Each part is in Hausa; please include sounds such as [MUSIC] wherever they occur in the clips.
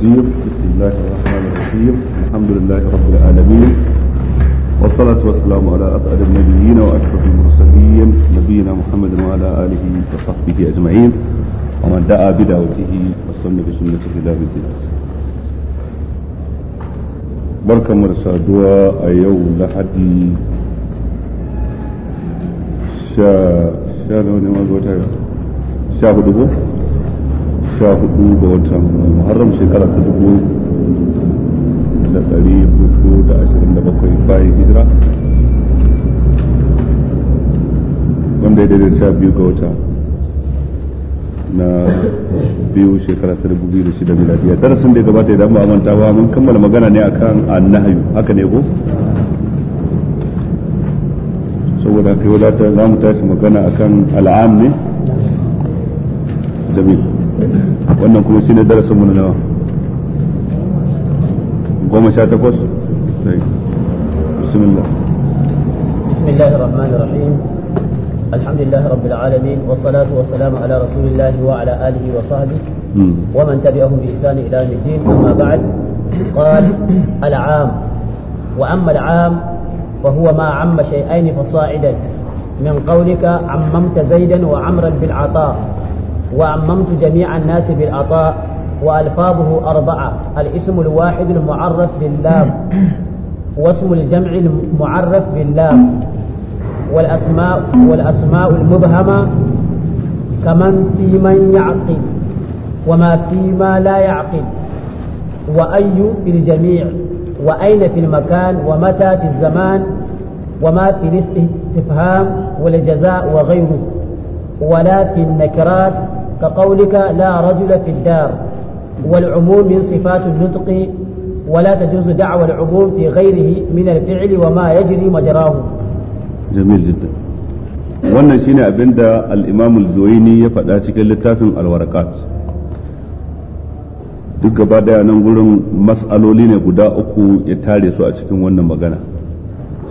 الرحيم بسم الله الرحمن الرحيم الحمد لله رب العالمين والصلاة والسلام على أسعد النبيين وأشرف المرسلين نبينا محمد وعلى آله وصحبه أجمعين ومن دعا بدعوته وسن بسنته إلى الدين بركة مرسى دعاء يوم لحدي شا شا لوني ما شا هدوه sha hudu ga watan muharram shekara ta dubu da ɗari hudu da ashirin da bakwai bayan hijira wanda ya daidai sha biyu ga wata na biyu shekara ta dubu biyu da shida miladiya darasin da ya gabata idan ba manta ba mun kammala magana ne akan annahayu haka ne ko saboda kai wadatar za mu tashi magana akan al'am ne jamil wannan kuma shine darasin mu na nawa goma sha takwas بسم الله بسم الله الرحمن الرحيم الحمد لله رب العالمين والصلاة والسلام على رسول الله وعلى آله وصحبه ومن تبعهم بإحسان إلى يوم الدين أما بعد قال العام وأما العام فهو ما عم شيئين فصاعدا من قولك عممت زيدا وعمرا بالعطاء وعممت جميع الناس بالعطاء وألفاظه أربعة الاسم الواحد المعرف باللام واسم الجمع المعرف باللام والأسماء والأسماء المبهمة كمن في من يعقل وما فيما لا يعقل وأي في الجميع وأين في المكان ومتى في الزمان وما في الاستفهام والجزاء وغيره ولا في النكرات كقولك لا رجل في الدار والعموم من صفات النطق ولا تجوز دعوى العموم في غيره من الفعل وما يجري مجراه جميل جدا wannan shine abin da al'imamul zuwaini ya faɗa cikin littafin alwarakat duk gaba daya nan gurin mas'aloli ne guda uku ya tare su a cikin wannan magana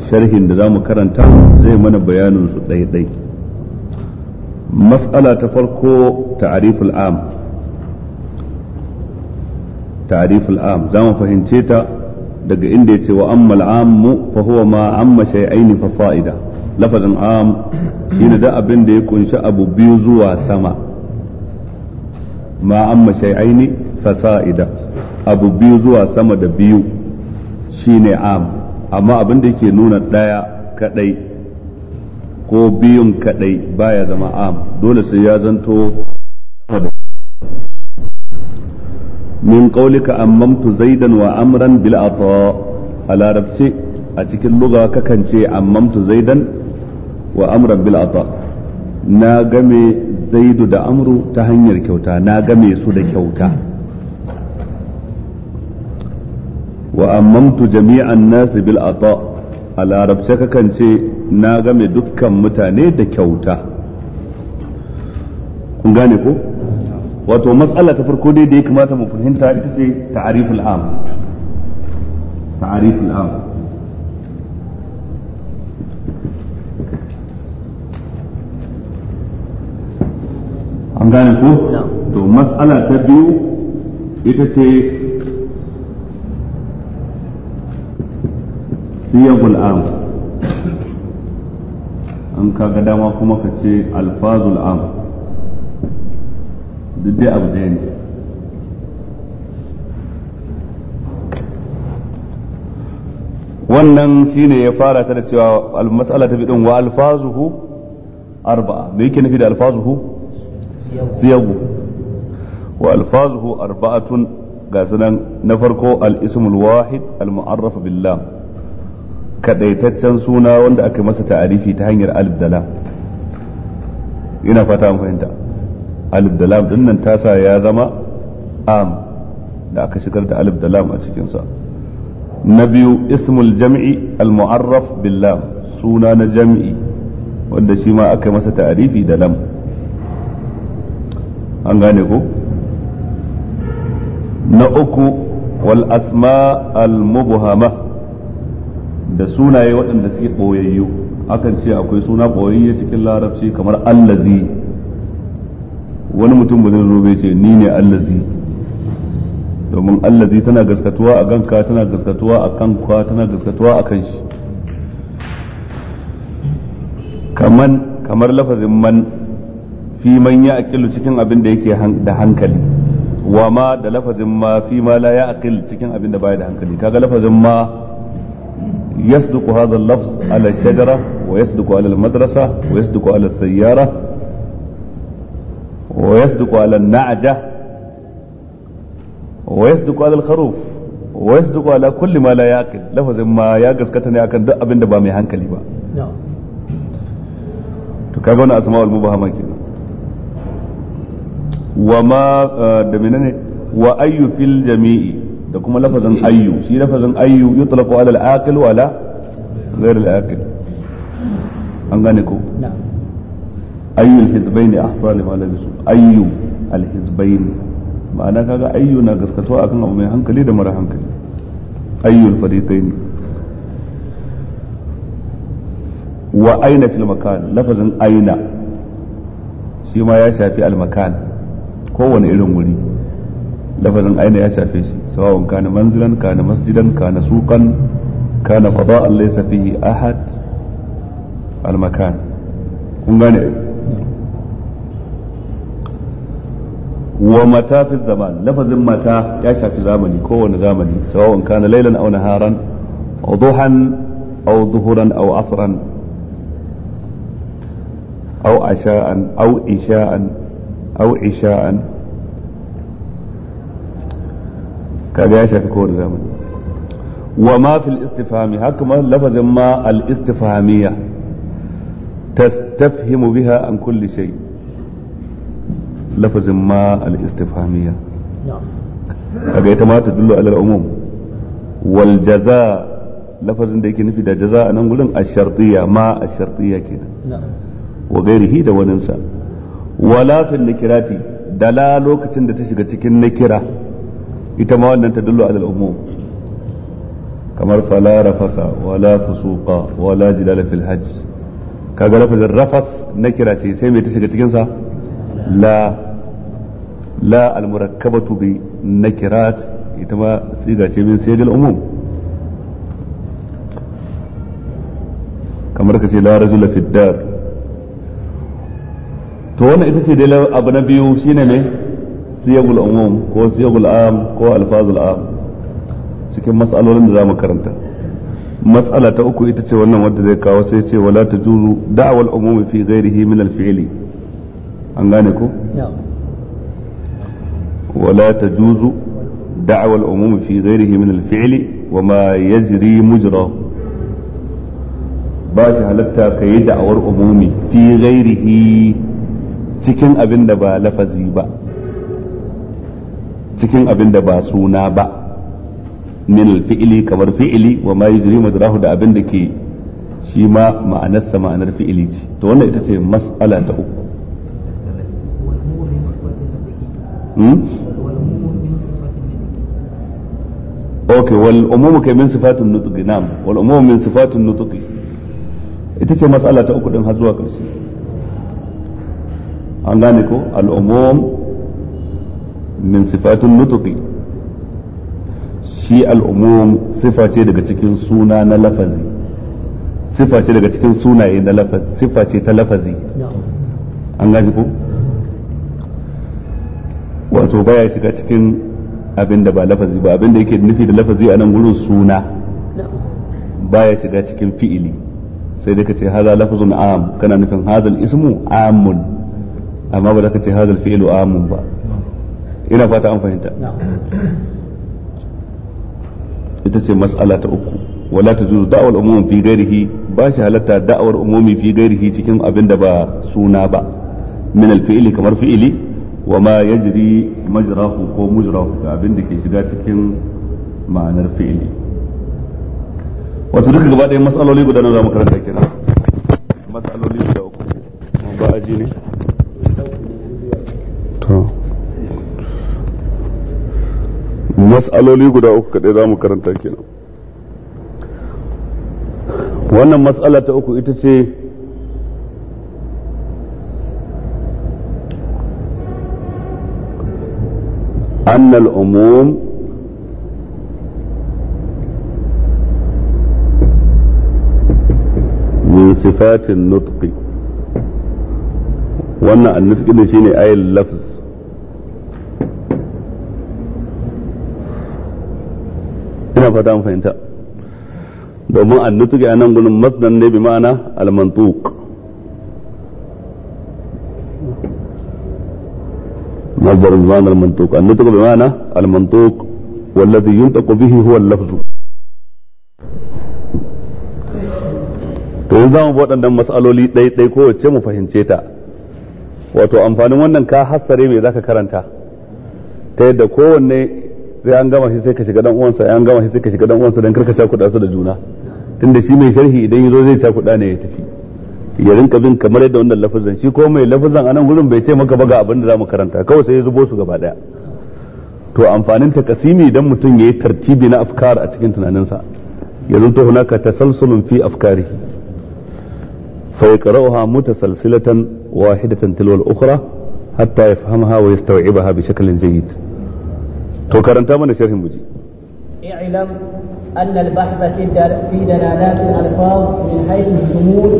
sharhin da za mu karanta zai mana bayanin su ɗaya-ɗaya mas'ala ta farko ta'riful am ta'riful am za mu fahimce ta daga inda yace wa ammal ammu fa huwa ma amma shay'aini fa fa'ida lafazin am shine da abin da ya kunshi abu biyu zuwa sama ma amma shay'aini fa sa'ida abu biyu zuwa sama da biyu shine am amma abin da yake nuna daya kadai ko biyun kadai baya zama am dole sai ya zanto min qaulika ammamtu zaidan wa amran bil ata a larabce a cikin lugha kakan ce ammamtu zaidan wa amran bil ata na game zaidu da amru ta hanyar kyauta na game su da kyauta wa ammamtu jami'an nasi bil ata a larabce kakan ce na game dukkan mutane da kyauta kun gane ko wato matsala ta farko dai da ya kamata mu fahimta ita ce ta'ariful am ta'ariful am an gane ko to matsala ta biyu ita ce siyagul am an kaga dama kuma ka ce alfazul am duk abu ɗaya ne wannan shine ya fara ta da cewa al-mas'ala ta bidin wa alfazuhu arba'a me yake nufi da alfazuhu siyagu wa alfazuhu arba'atun ga sunan na farko al-ismul wahid al-mu'arraf billah kadaitaccen suna wanda aka masa ta'arifi ta hanyar alif da lam ina fata an fahimta alif da lam dinnan tasa ya zama am da aka shigar da alif da lam a cikinsa na biyu ismul jam'i al mu'arraf bil lam suna na jam'i wanda shi ma aka masa ta'arifi da lam an gane ko na uku wal asma al mubhama da sunaye waɗanda suke ɓoyayyu akan ce akwai suna ɓoyayye cikin larabci kamar allazi wani mutum ba zai zo bai ce ni ne allazi domin allazi tana gaskatuwa a ganka tana gaskatuwa a kanka tana gaskatuwa a kan shi kamar lafazin man fi man ya aqilu cikin abin da yake da hankali wa ma da lafazin ma fi ma la ya aqil cikin abin da baya da hankali kaga lafazin ma يصدق هذا اللفظ على الشجرة ويصدق على المدرسة ويصدق على السيارة ويصدق على النعجة ويصدق على الخروف ويصدق على كل ما لا يأكل لفظ ما يقص كتني أكن دق أبن دبا مي هنكلي با تكاغا وانا أسماء المبهمة كنا وما دمنني وأي في الجميع da kuma lafazin ayyu shi lafazin ayyu yutlaqu ala al-aqil wa ala ghayr al-aqil an gane ko ayyu al-hizbayn ahsa lima la bisu ayyu al-hizbayn ma'ana kaga ayyu na gaskatuwa akan abu mai hankali da mara hankali ayyu al-fariqayn wa aina fil makan lafazin aina shi ma ya shafi al-makan kowane irin wuri lafazin aina ya shafe shi sawa'un kana manzilan kana masjidan kana suqan kana fada'an laysa fihi ahad al-makan kun gane wa mata fi zaman lafazin mata ya shafi zamani kowane zamani sawa'un kana laylan aw naharan aw duhan aw zuhuran aw asran aw asha'an aw isha'an aw isha'an kaga ya shafi kowane zamani wa ma fil istifhami haka ma lafazin ma al istifhamiyya tastafhimu biha an kulli shay lafazin ma al istifhamiyya kaga ita ma ta dullu alal umum wal jaza lafazin da yake nufi da jaza a nan gurin ashartiyya ma ashartiyya kenan wa gairihi da waninsa wala fil nikirati dala lokacin da ta shiga cikin nikira ita ma wannan ta dullo alal umum kamar fala rafasa wala fusuqa wala jidala fil hajj kaga lafazin rafas na kira ce sai mai ta shiga cikin sa la la al murakkabatu bi nakirat ita ma siga ce min sayyidil umum kamar ka ce la rajula fid dar to wannan ita ce dai abu na biyu shine ne siyagul umum ko siyagul am ko alfazul am cikin mas'alolin da zamu karanta mas'ala ta uku ita ce wannan wadda zai kawo sai ce wala tajuzu da'wal umum fi ghairihi min al-fi'li an gane ko wala tajuzu da'wal umum fi ghairihi min al-fi'li وما يجري مجرى ba shi halatta ka yi da'awar umumi fi ghairihi cikin abin da ba lafazi ba cikin abin da ba suna ba min fi'ili kamar fi'ili wa ma yujri mazrahu da abin da ke shi ma ma'anarsa ma'anar fi'ili ce to wannan ita ce mas'ala ta uku hmm? ok wal umumu kai min sifatun nutuqi na'am wal umumu min sifatun nutuqi ita ce mas'ala ta uku din har zuwa ƙarshe an gane ko al umum min sifatun nutuqi shi al'umum sifa ce daga cikin suna na lafazi sifa ce daga cikin sunaye na ta lafazi an gaji ko wato baya shiga cikin abin da ba lafazi ba abin da yake nufi da lafazi a nan gurin suna baya shiga cikin fi'ili sai dai ka ce haza lafazun am kana nufin hazal ismu amun amma ba za ka ce hazal fi'ilu amun ba ina fata an fahimta ita ce mas'ala ta uku wala ta tajuzu da'wal umum fi gairihi ba shi halatta da'awar umumi fi gairihi cikin abin da ba suna ba min al kamar fi'ili wa ma yajri majrahu ko mujrahu da abin da ke shiga cikin ma'anar fi'ili wato duka gaba ɗaya matsaloli guda nawa zamu karanta kenan matsaloli guda uku ba aji ne to mas'aloli guda uku kaɗai za mu karanta kenan wannan mas'ala ta uku ita ce أن العموم من صفات النطق وأن النطق شيء أي اللفظ fata an fahimta domin annutuki a nan gudun masdan ne bi ma'ana almantuk مصدر بمعنى المنطوق النطق بمعنى المنطوق yuntaqu bihi huwa al اللفظ to yanzu zamu bi waɗannan ɗai ko kowace mu fahimce ta wato amfanin wannan ka hassare me zaka karanta ta yadda kowanne sai an gama shi sai ka shiga dan uwansa an gama shi sai ka shiga dan uwansa dan karka cakuɗa su da juna tunda shi mai sharhi idan yazo zai cakuɗa ne ya tafi ya rinka bin kamar yadda wannan lafazin shi ko mai lafazin anan gurin bai ce maka ba ga abin da zamu karanta kawai sai ya zubo su gaba daya to amfanin takasimi idan mutum yayi tartibi na afkar a cikin tunaninsa ya to hunaka tasalsulun fi afkarihi fa yaqra'uha mutasalsilatan wahidatan tilwal ukhra hatta yafhamaha wa yastawibaha bi shaklin jayyid to karanta mana sharhin muji i'lam أن البحث في في دلالات الألفاظ من حيث الشمول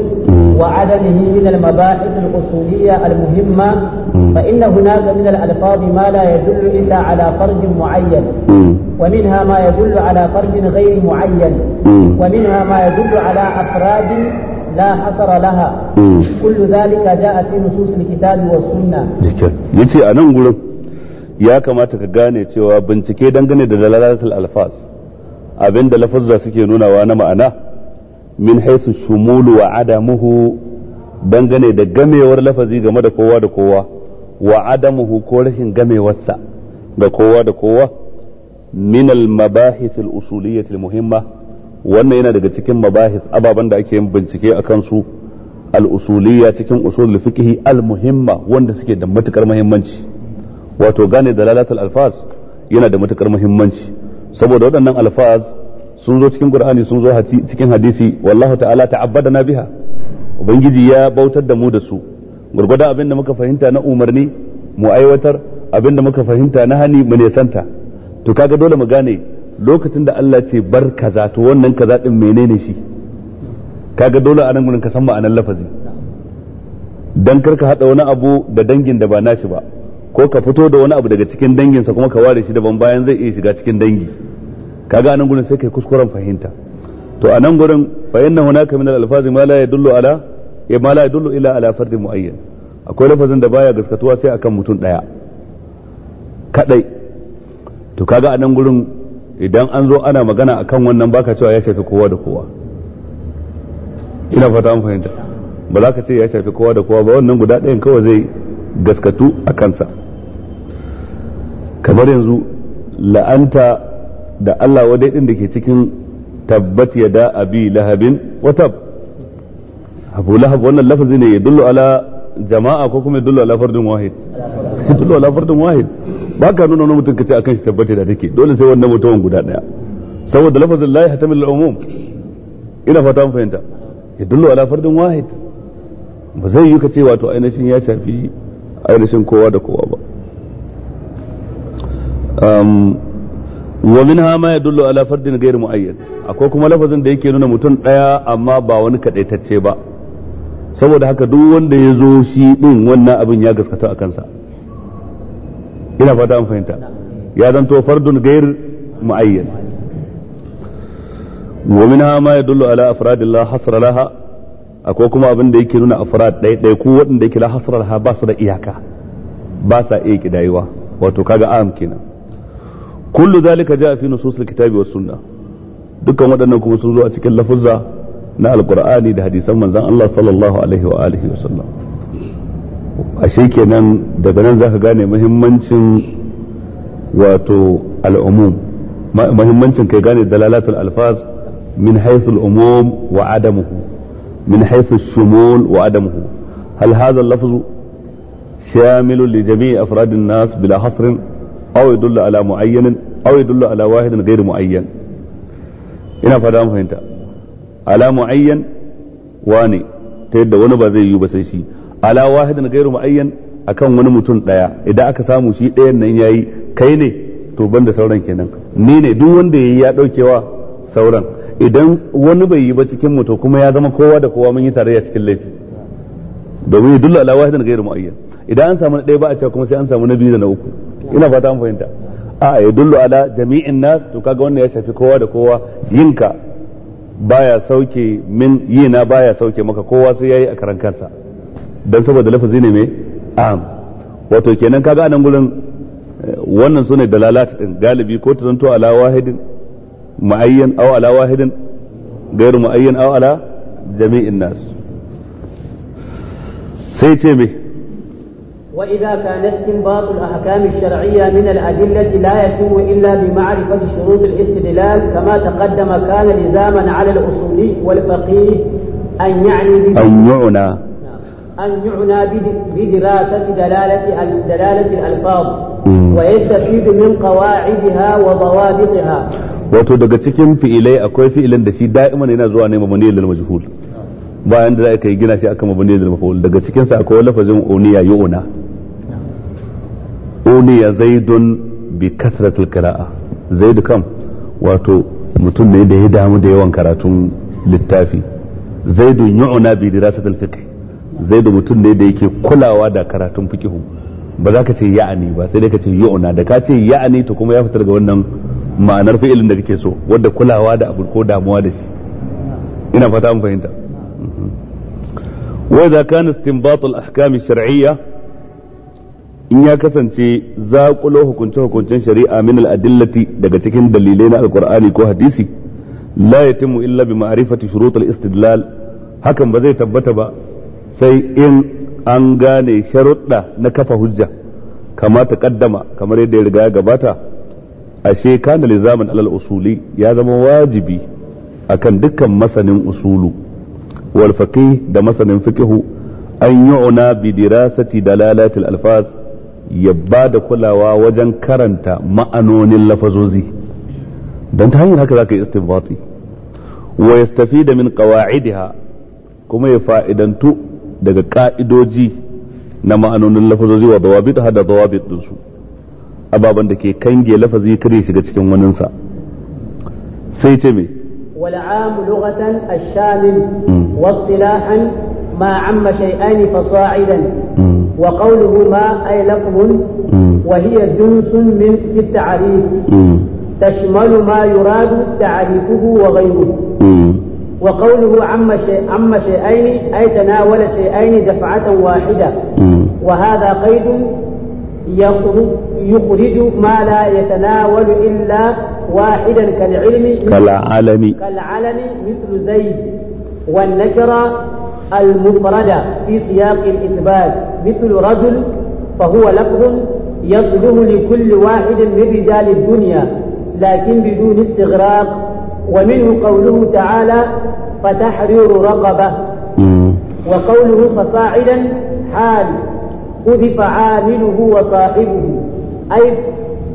وعدمه من المباحث الأصولية المهمة فإن هناك من الألفاظ ما لا يدل إلا على فرد معين ومنها ما يدل على فرد غير معين ومنها ما يدل على أفراد لا حصر لها كل ذلك جاء في نصوص الكتاب والسنة. يجي أنا ya kamata ka gane cewa bincike dangane da dalalatul alfas abinda lafazza suke nunawa na ma'ana min haisu shumulu wa adamuhu dangane da gamewar lafazi game da kowa da kowa wa adamuhu ko rashin gamewarsa ga kowa da kowa min al mabahith al al muhimma wannan yana daga cikin mabahith ababen da ake yin bincike akan su al usuliyya cikin usul fiqh al muhimma wanda suke da matukar muhimmanci wato gane dalalatul alfaz yana da matukar muhimmanci saboda waɗannan alfaz sun zo cikin qur'ani sun zo cikin hadisi wallahu ta'ala ta'abbadana biha ubangiji ya bautar da mu da su gurgurda abin da muka fahimta na umarni mu aiwatar abin da muka fahimta na hani mu nesanta to kaga dole mu gane lokacin da Allah ce bar kaza to wannan kaza din menene shi kaga dole a gurin ka san ma'anar lafazi dan karka hada wani abu da dangin da ba nashi ba ko ka fito da wani abu daga cikin danginsa kuma ka ware shi daban bayan zai iya shiga cikin dangi kaga anan gurin sai kai kuskuren fahimta to anan gurin fa inna hunaka min al-alfazi ma la yadullu ala ya eh, ma la yadullu ila ala fardi muayyan akwai lafazin da baya gaskatuwa sai akan mutum daya kadai to kaga anan gurin idan an zo ana magana akan wannan baka cewa ya shafi kowa da kowa ina fata an fahimta ba za ka ce ya shafi kowa da kowa ba wannan guda ɗayan kawai zai gaskatu a kansa kamar yanzu la'anta da Allah wadai din da ke cikin tabbat ya da abi lahabin watab abu lahab wannan lafazi ne ya dullu ala jama'a ko kuma ya dullu ala fardin wahid ya dullu ala fardin wahid ba ka nuna wani mutum kace akan shi tabbata da take dole sai wannan mutumin guda daya saboda lafazin la yahtamil al-umum ina fata mun fahimta ya dullu ala fardin wahid ba zai yi kace wato ainihin ya shafi ainihin kowa da kowa ba wa ha ma ya dullo ala fardin ghayr muayyan akwai kuma lafazin da yake nuna mutum daya amma ba wani kaɗaitacce ba saboda haka duk wanda ya zo shi din wannan abin ya gaskata a kansa ina fata an fahimta ya zanto fardun ghayr muayyan wa ha ma dullo ala afradillah hasra laha akwai kuma abin da yake nuna afrad ɗaya ɗaya ko waɗanda yake la ha ba su da iyaka ba sa iya kidayewa wato kaga am kenan kullu zalika jaa fi nususil kitabi was sunna dukkan waɗannan kuma sun zo a cikin lafuzza na alqur'ani da hadisan manzon Allah sallallahu alaihi wa alihi wa sallam ashe kenan daga nan zaka gane muhimmancin wato al'umum muhimmancin kai gane dalalatul alfaz min haythul umum wa adamuhu من حيث الشمول وعدمه هل هذا اللفظ شامل لجميع أفراد الناس بلا حصر أو يدل على معين أو يدل على واحد غير معين ina fada mu fahimta ala muayyan wani ta yadda wani ba zai yi ba sai shi ala wahidin gairu muayyan akan wani mutum daya idan aka samu shi dayan nan yayi kai ne to banda sauran kenan ni duk wanda yayi ya daukewa sauran idan wani bai yi ba cikin mu to kuma ya zama kowa da kowa mun yi tarayya cikin laifi domin dulla ala wahidin gairu muayyan idan an samu na ɗaya ba a cewa kuma sai an samu na biyu da na uku ina fata an fahimta a yadullu ala jami'in na to kaga wannan ya shafi kowa da kowa yinka baya sauke min yi na baya sauke maka kowa sai yayi a karan kansa dan saboda lafazi ne mai am wato kenan kaga anan gurin eh, wannan sune dalalat din galibi ko ta zanto ala معين أو على واحد غير معين أو على جميع الناس سيتي به وإذا كان استنباط الأحكام الشرعية من الأدلة لا يتم إلا بمعرفة شروط الاستدلال كما تقدم كان لزاما على الأصولي والفقيه أن يعني أن يعنى نعم. أن يعنى بدراسة دلالة دلالة الألفاظ ويستفيد من قواعدها وضوابطها wato daga cikin fi'ilai akwai fi'ilin da shi da'iman yana zuwa ne mabani lil majhul bayan da za ka yi gina shi akan mabani lil maf'ul daga cikin sa akwai lafazin uniya yu'na uniya zaidun bi kasratil qira'a zaid kam wato mutum ne da ya damu da yawan karatun littafi zaidun yu'na bi dirasatil fiqh zaidu mutum ne da yake kulawa da karatun fiqh ba za ka ce ya'ani ba sai dai ka ce yu'na da ka ce ya'ani to kuma ya fitar ga wannan ma'anar fi'ilin da kake so wadda kulawa da abu ko damuwa da shi ina fata an fahimta wa idza kana istinbat al ahkam shar'iyya in ya kasance kulo hukunce hukuncen shari'a min al adillati daga cikin dalilai na alqur'ani ko hadisi la yatimu illa bi ma'rifati shurut al istidlal hakan ba zai tabbata ba sai in an gane sharuɗa na kafa hujja kama ta kaddama kamar yadda ya riga ya gabata a kana lizamin alal usuli ya zama wajibi akan dukkan masanin usulu wal faqih da masanin fikihu an yu'na bi dirasati dalalatil alfaz ya ba da kulawa wajen karanta ma'anonin lafazozi don ta hanyar haka zaka yi istinbati wa yastafida min qawaidiha kuma ya fa'idantu daga ka'idoji na ma'anonin lafazozi wa dawabit hada dawabit dinsu ababan da ke kange lafazi kare shiga cikin waninsa sai ce me والعام لغة الشامل واصطلاحا ما عم شيئان فصاعدا وقوله ما أي لفظ وهي جنس من في التعريف تشمل ما يراد تعريفه وغيره وقوله عم شيء عم شيئين أي تناول شيئين دفعة واحدة وهذا قيد يخرج, يخرج ما لا يتناول إلا واحدا كالعلم كالعلم كالعلم مثل زيد والنكرة المفردة في سياق الإثبات مثل رجل فهو لفظ يصلح لكل واحد من رجال الدنيا لكن بدون استغراق ومنه قوله تعالى فتحرير رقبة وقوله فصاعدا حال حذف عامله وصاحبه أي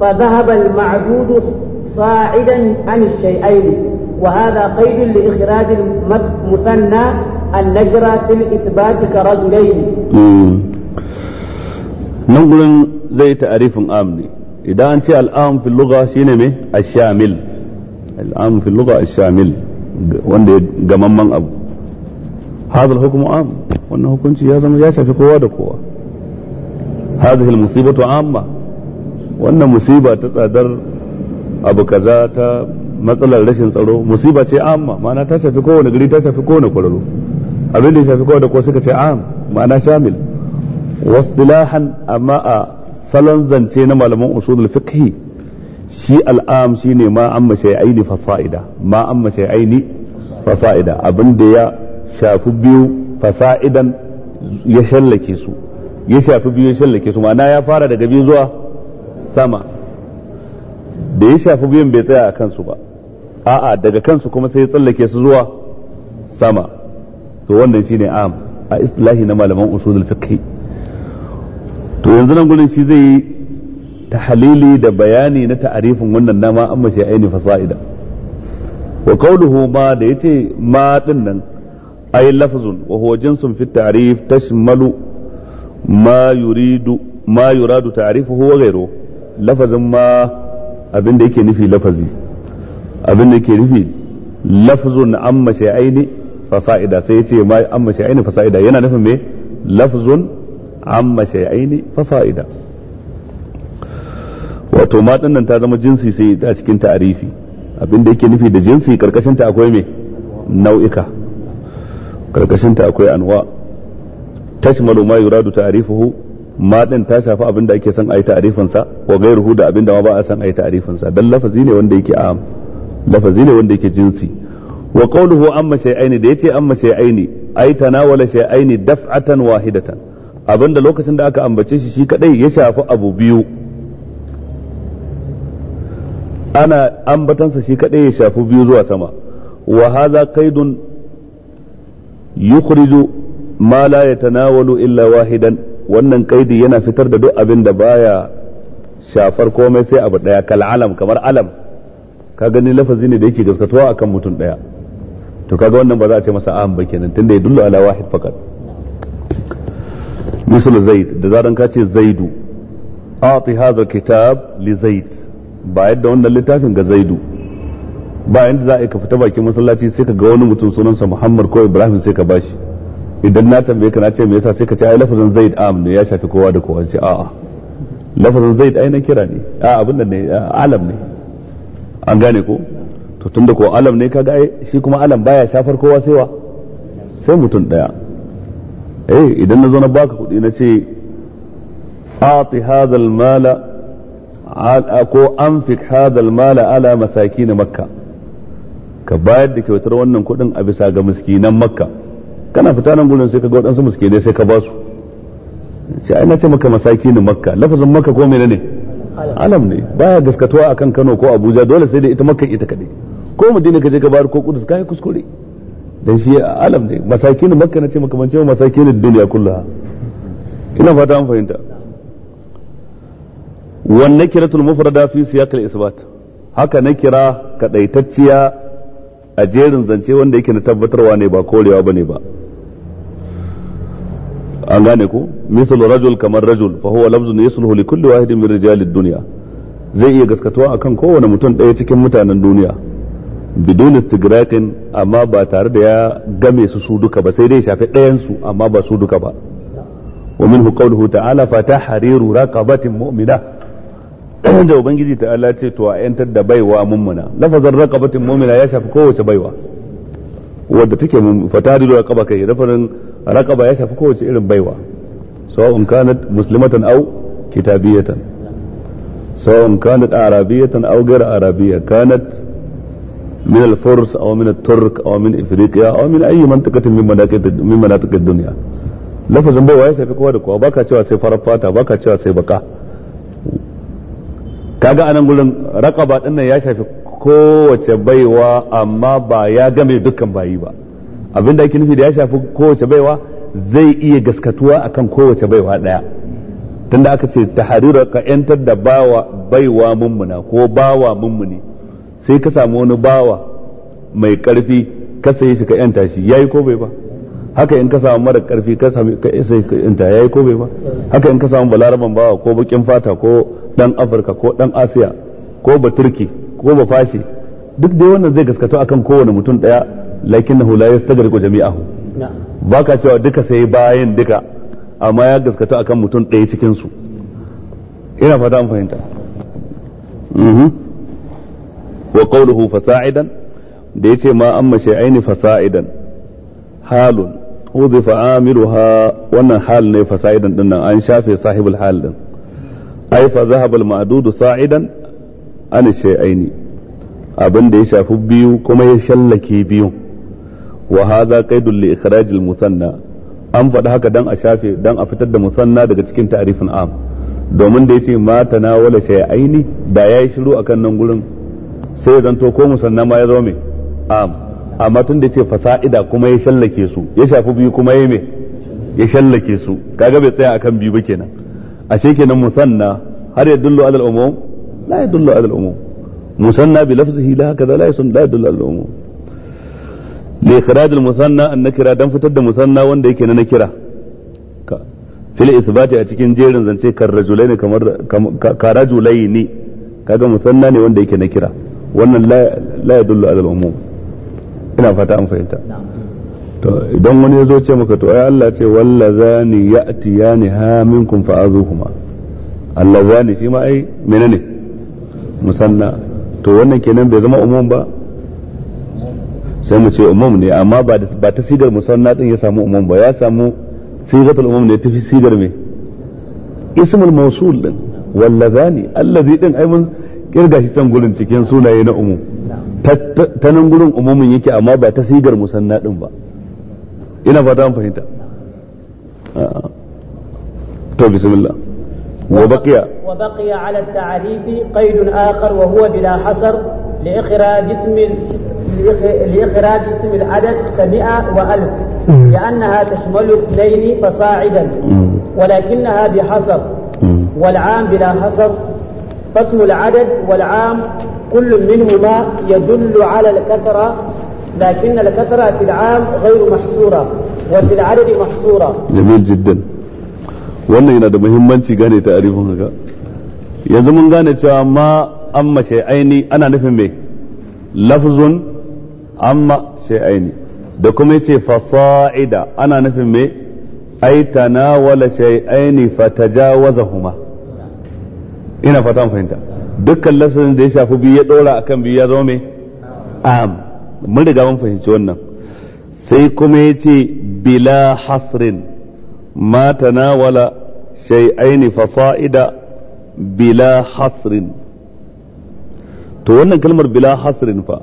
فذهب المعدود صاعدا عن الشيئين وهذا قيد لإخراج المثنى النجرة في الإثبات كرجلين نقول زي تعريف آمني إذا أنت الآن في اللغة شنو الشامل al'am fi lugha ash-shamil wanda ya gamamman abu hadha al-hukmu wannan hukunci ya zama ya shafi kowa da kowa hadhihi al-musibatu wannan musiba ta tsadar abu kaza ta matsalar rashin tsaro musiba ce amma ma'ana ta shafi kowane gari ta shafi kowane kwararo abin da ya shafi kowa da kowa suka ce am ma'ana shamil amma a salon zance na malaman usulul fiqh shi al'am shine ma amma aini fasa'ida ma amma aini fasa'ida abin da ya shafi biyu fasa'idan ya shallake su ya shafi biyu ya shallake su ma'ana ya fara daga biyu zuwa sama da ya shafi biyun bai tsaya a kansu ba a'a daga kansu kuma sai ya tsallake su zuwa sama to wannan shine am a istilahi na malaman usulul fiqh to yanzu nan gurin shi zai tahlili da bayani na ta'arifin wannan nama an mace aini fasa'ida wa qawluhu ma da yace ma din nan ay lafzun wa huwa jinsun fi ta'rif tashmalu ma yuridu ma yuradu ta'rifuhu wa ghayruhu ma abin da yake nufi lafazi abin da yake nufi lafzun amma shay'aini fasa'ida sai yace ma amma shay'aini yana nufin me lafzun amma wato matan nan ta zama jinsi sai a cikin ta'arifi abin da yake nufi da jinsi karkashin ta akwai me nau'ika karkashin ta akwai anwa tashmalu ma yuradu ta'rifuhu ma din ta shafi abin da ake son ayi ta'rifin sa wa ghayruhu da abin da ma ba a son ayi ta'rifin sa dan lafazi ne wanda yake am lafazi ne wanda yake jinsi wa qawluhu amma shay'aini da yace amma shay'aini ay tanawala shay'aini daf'atan wahidatan abinda lokacin da aka ambace shi shi kadai ya shafi abu biyu ana ambatansa shi kadai ya shafi biyu zuwa sama wa hadha qaidun yukhriju ma la yatanawalu illa wahidan wannan kaidi yana fitar da duk abin da baya shafar komai sai abu daya kal alam kamar alam ka gani lafazi ne da yake gaskatuwa akan mutum daya to kaga wannan ba za a ce masa aham ba kenan tunda ya dullu ala wahid fakat misal zaid da zaran ka ce zaidu a'ti hadha kitab li zaid ba yadda wannan littafin ga zaidu ba yadda za a yi ka fita bakin masallaci sai ka ga wani mutum sunansa muhammad ko ibrahim sai ka bashi idan na tambaye ka na ce me yasa sai ka ce ai lafazin zaid am ne ya shafi kowa da kowa ce a'a lafazin zaid ai na kira ne a abin da ne alam ne an gane ko to tunda ko alam ne kaga ai shi kuma alam baya shafar kowa sai wa sai mutum daya eh idan na zo na baka kuɗi na ce a'ti hadha mala ko an fi hadal mala ala na makka ka bayar da kyautar wannan kuɗin a bisa ga miskinan makka kana fita nan gudun sai ka ga waɗansu miskinai sai ka ba su sai ai na ce maka na makka lafazin makka ko ne. alam ne baya gaskatuwa akan Kano ko Abuja dole sai da ita makka ita kadai ko Madina ka je ka bayar ko Kudus yi kuskure dan shi alam ne na makka na ce maka ban ce masakin duniya kullum ina fata an fahimta kira nakiratul mufrada fi siyaqil isbat haka na kira kadaitacciya a jerin zance wanda yake na tabbatarwa ne ba korewa bane ba an gane ku misal rajul kamar rajul fa huwa lafzun yusluhu li kulli wahidin min rijalid dunya zai iya gaskatuwa akan kowane mutum ɗaya cikin mutanen duniya bidon istigraqin amma ba tare da ya game su su duka ba sai dai shafi ɗayan su amma ba su duka ba wa minhu qawluhu ta'ala fata hariru raqabatin mu'mina [COUGHS] da ubangiji ta Allah ce to a yantar da baiwa mummuna lafazan raqabatin mu'mina ya shafi kowace baiwa wadda take mun fatari da raqaba kai rafarin raqaba ya shafi kowace irin baiwa sawa'un kanat muslimatan aw kitabiyatan sawa'un kanat arabiyatan aw ghayr arabiyya kanat من الفرس او من الترك او من افريقيا او من اي min من مناطق من مناطق dunya lafazan baiwa ya shafi kowa da kowa baka cewa sai farar fata baka cewa sai baka kaga anan gurin rakaba ɗin nan ya shafi kowace baiwa amma ba ya game dukkan bayi ba abinda ake nufi da ya shafi kowace baiwa zai iya gaskatuwa akan kowace baiwa daya tunda aka ce taharira ka yantar da bawa baiwa mummuna ko bawa mummuni sai ka samu wani bawa mai karfi ka saye shi ka yanta shi yi ko bai ba haka in ka samu mara karfi ka sami ka yanta ya yi ko bai ba haka in ka samu balaraban bawa ko bakin fata ko dan afirka ko dan asiya ko ba turki ko ba fashi duk dai wannan zai gaskato akan kowane mutum daya lakin lakinnahu la yastagriqu jami'ahu ka cewa duka sai bayan duka amma ya gaskato akan mutum daya cikinsu ina fata an fahimta mhm. wa qawluhu fasa'idan da yace ma mashe aini fasa'idan halun huzifa amiruha wannan hal ne fasa'idan dinnan an shafe sahibul halin. ai fa zahabal madudu sa'idan an shay'aini abin da ya shafi biyu kuma ya shallake biyu wa hadha qaidul li ikhraj al-musanna an faɗi haka dan a shafe dan a fitar da musanna daga cikin ta'rifin am domin da yace ma tanawala shay'aini da yayi shiru akan nan gurin sai zanto ko musanna ma ya zo me am amma tun da yace fasa'ida kuma ya shallake su ya shafi biyu kuma ya me ya shallake su kaga bai tsaya akan biyu ba kenan ashe kenan musanna har ya dullo alal umum la ya dullo alal umum musanna bi lafzihi la haka la yasun la ya dullo alal umum li ikhraj al musanna an nakira dan fitar da musanna wanda yake na nakira fil isbati a cikin jerin zance kan rajulaini kamar ka rajulaini kaga musanna ne wanda yake nakira wannan la ya dullo alal umum ina fata an fahimta na'am to idan wani ya zo ce maka to ai Allah ce wallazani ni ha minkum Allah zani shi ma ai menene musanna to wannan kenan bai zama umum ba sai mu ce umum ne amma ba ta sidar musanna din ya samu umum ba ya samu sigatul umum ne tafi sidar me ismul mawsul din wallazani allazi din ai mun kirga shi can gurin cikin sunaye na umum ta nan gurin umumin yake amma ba ta sigar musanna din ba ina fata an fahimta to bismillah وبقي وبقي على التعريف قيد آخر وهو بلا حصر لإخراج اسم لإخراج اسم العدد كمئة وألف لأنها تشمل اثنين فصاعدا ولكنها بحصر والعام بلا حصر فاسم العدد والعام كل منهما يدل على الكثرة لكن الكثرة في العام غير محصورة وفي العدد محصورة جميل جدا wannan yana da muhimmanci gane ta'arifin ka. yanzu mun gane cewa ma amma aini ana nufin me lafzun amma aini da kuma yace fasa'ida ana nufin me aini tanawala shay'aini huma. ina fatan fahimta dukkan lafzin da ya shafi biyu ya dora akan biyu ya zama me am mun riga mun fahimci wannan sai kuma ya ce bila hasrin ma tanawala aini fasa'ida bila hasrin to wannan kalmar bila hasrin fa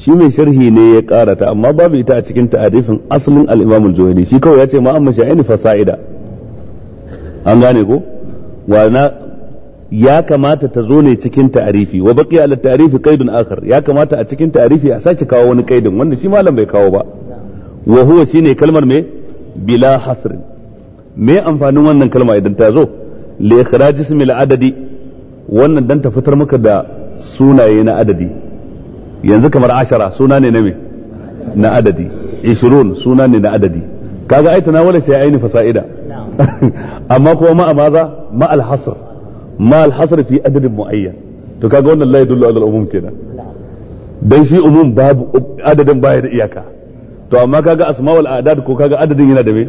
shi mai sharhi ne ya karata amma babu ita a cikin ta'arifin asalin al-Imam al-Juhani shi kawai ya ce ma amma fa fasa'ida an gane ko wa ya kamata ta zo ne cikin ta'arifi wa baqi ala ta'arifi qaidun akhar ya kamata a cikin ta'arifi a sake kawo wani qaidin wanda shi malam bai kawo ba wa huwa shine kalmar me bila hasr me amfanin wannan kalma idan ta zo li ikhraj ismi adadi wannan dan ta fitar maka da sunaye na adadi yanzu kamar ashara suna ne na me na adadi 20 suna ne na adadi kaga ai tanawala sai aini fasa'ida [LAUGHS] amma kuma ma maza ma al mal al fi adadin muayyan to kaga wannan la yadullu ala umum kenan dan shi umum babu adadin baya da iyaka to amma kaga asma'ul a'dad ko kaga adadin yana da me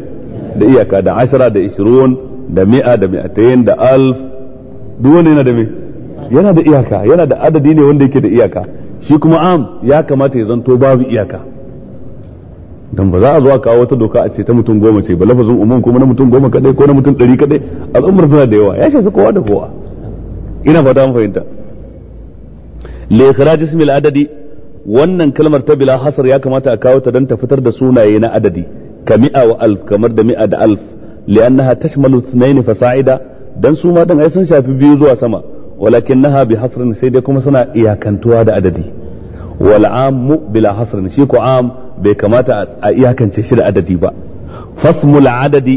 da iyaka da ashara da 20 da mi'a da mi'atayn da alf duk wanda yana da me yana da iyaka yana da adadi ne wanda yake da iyaka shi kuma am ya kamata ya zanto babu iyaka dan ba za a zo a kawo wata doka a ce ta mutum goma ce ba lafazin umum kuma na mutum goma kadai ko na mutum ɗari kadai al'ummar suna da yawa ya shafi kowa da kowa ina fata an fahimta li ikhraj ismi al-adadi wannan kalmar ta bila hasar ya kamata a kawo ta dan ta fitar da sunaye na adadi ka mi'a wa alf kamar da mi'a da alf li'annaha tashmalu ithnain fasa'ida dan su ma dan ai sun shafi biyu zuwa sama walakinnaha bi hasrin sai dai kuma suna iyakantuwa da adadi wal ammu bila hasrin shi ko am bai kamata a iyakance shi da adadi ba fasmul adadi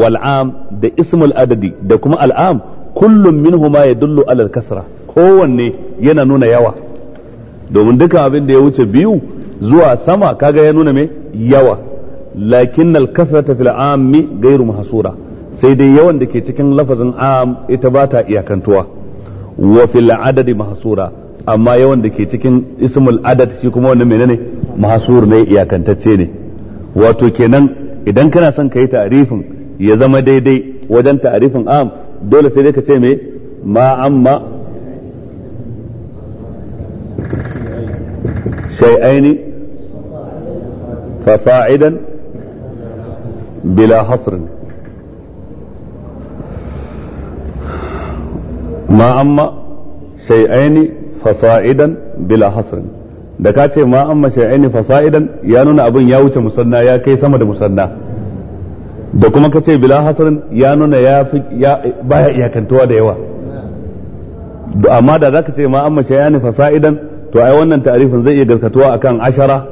wal am da ismul adadi da kuma al am kullum minhuma dullu alal kasra kowanne yana nuna yawa domin duka abin da ya wuce biyu zuwa sama kaga ya nuna me yawa lakin al kasrata fil ammi gairu mahsura sai dai yawan da ke cikin lafazin am ita ba ta iyakantuwa wa fil adadi mahsura amma yawan da ke cikin ismul adad shi kuma wannan menene mahsur ne iyakantacce ne wato kenan idan kana son kai ta'rifin ya zama daidai wajen ta'rifin am dole sai dai ka ce me ma amma shay'aini fasa'idan bila hasrin ma amma shay'aini fasa'idan bila hasrin da ka ce ma amma shay'aini fasa'idan ya nuna abin ya wuce musanna ya kai sama da musanna da kuma ka ce bila hasarin ya nuna ya fi baya iyakantuwa da yawa amma da za ka ce ma amma shayani fasa'idan to ai wannan ta'arifin zai iya gaskatuwa akan ashara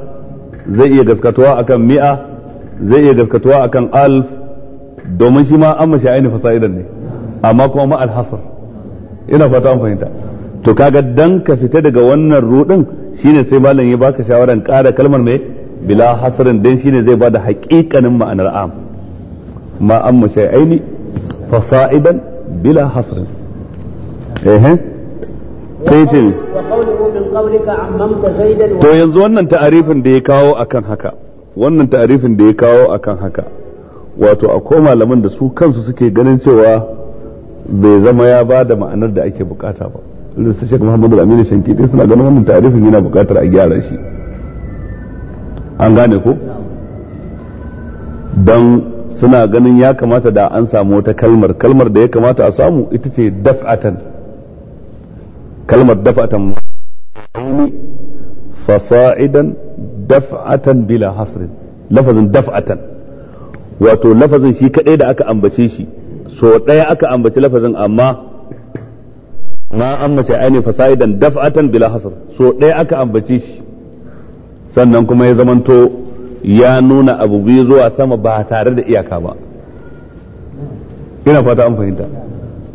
zai iya gaskatuwa akan mi'a zai iya gaskatuwa akan alf domin shi ma amma shayani fasa'idan ne amma kuma ma alhasar ina fata an fahimta to kaga dan ka fita daga wannan rudin shine sai malam ya baka shawaran ƙara kalmar mai bila hasarin dan shine zai bada haƙiƙanin ma'anar am ma an musai'aini fasa'idan bila hasrin eh sai ce to yanzu wannan ta'arifin da ya kawo akan haka wannan ta'arifin da ya kawo kan haka wato a koma malaman da su kansu suke ganin cewa bai zama ya ba da ma'anar da ake bukata ba irin su Sheikh Muhammad Al-Amin Shankiti suna ganin wannan ta'arifin yana bukatar a gyara shi an gane ko don suna ganin ya kamata da an samu wata kalmar kalmar da ya kamata a samu ita ce daf'atan kalmar daf'atan fasa'idan daf'atan bila hasrin lafazin daf'atan wato lafazin shi kadai da aka ambace shi so daya aka ambaci lafazin amma na ambace ainihin fasa'idan daf'atan bila hasr so daya aka ambace shi sannan kuma ya zamanto ya nuna abu biyu zuwa sama ba tare da iyaka ba ina fata an fahimta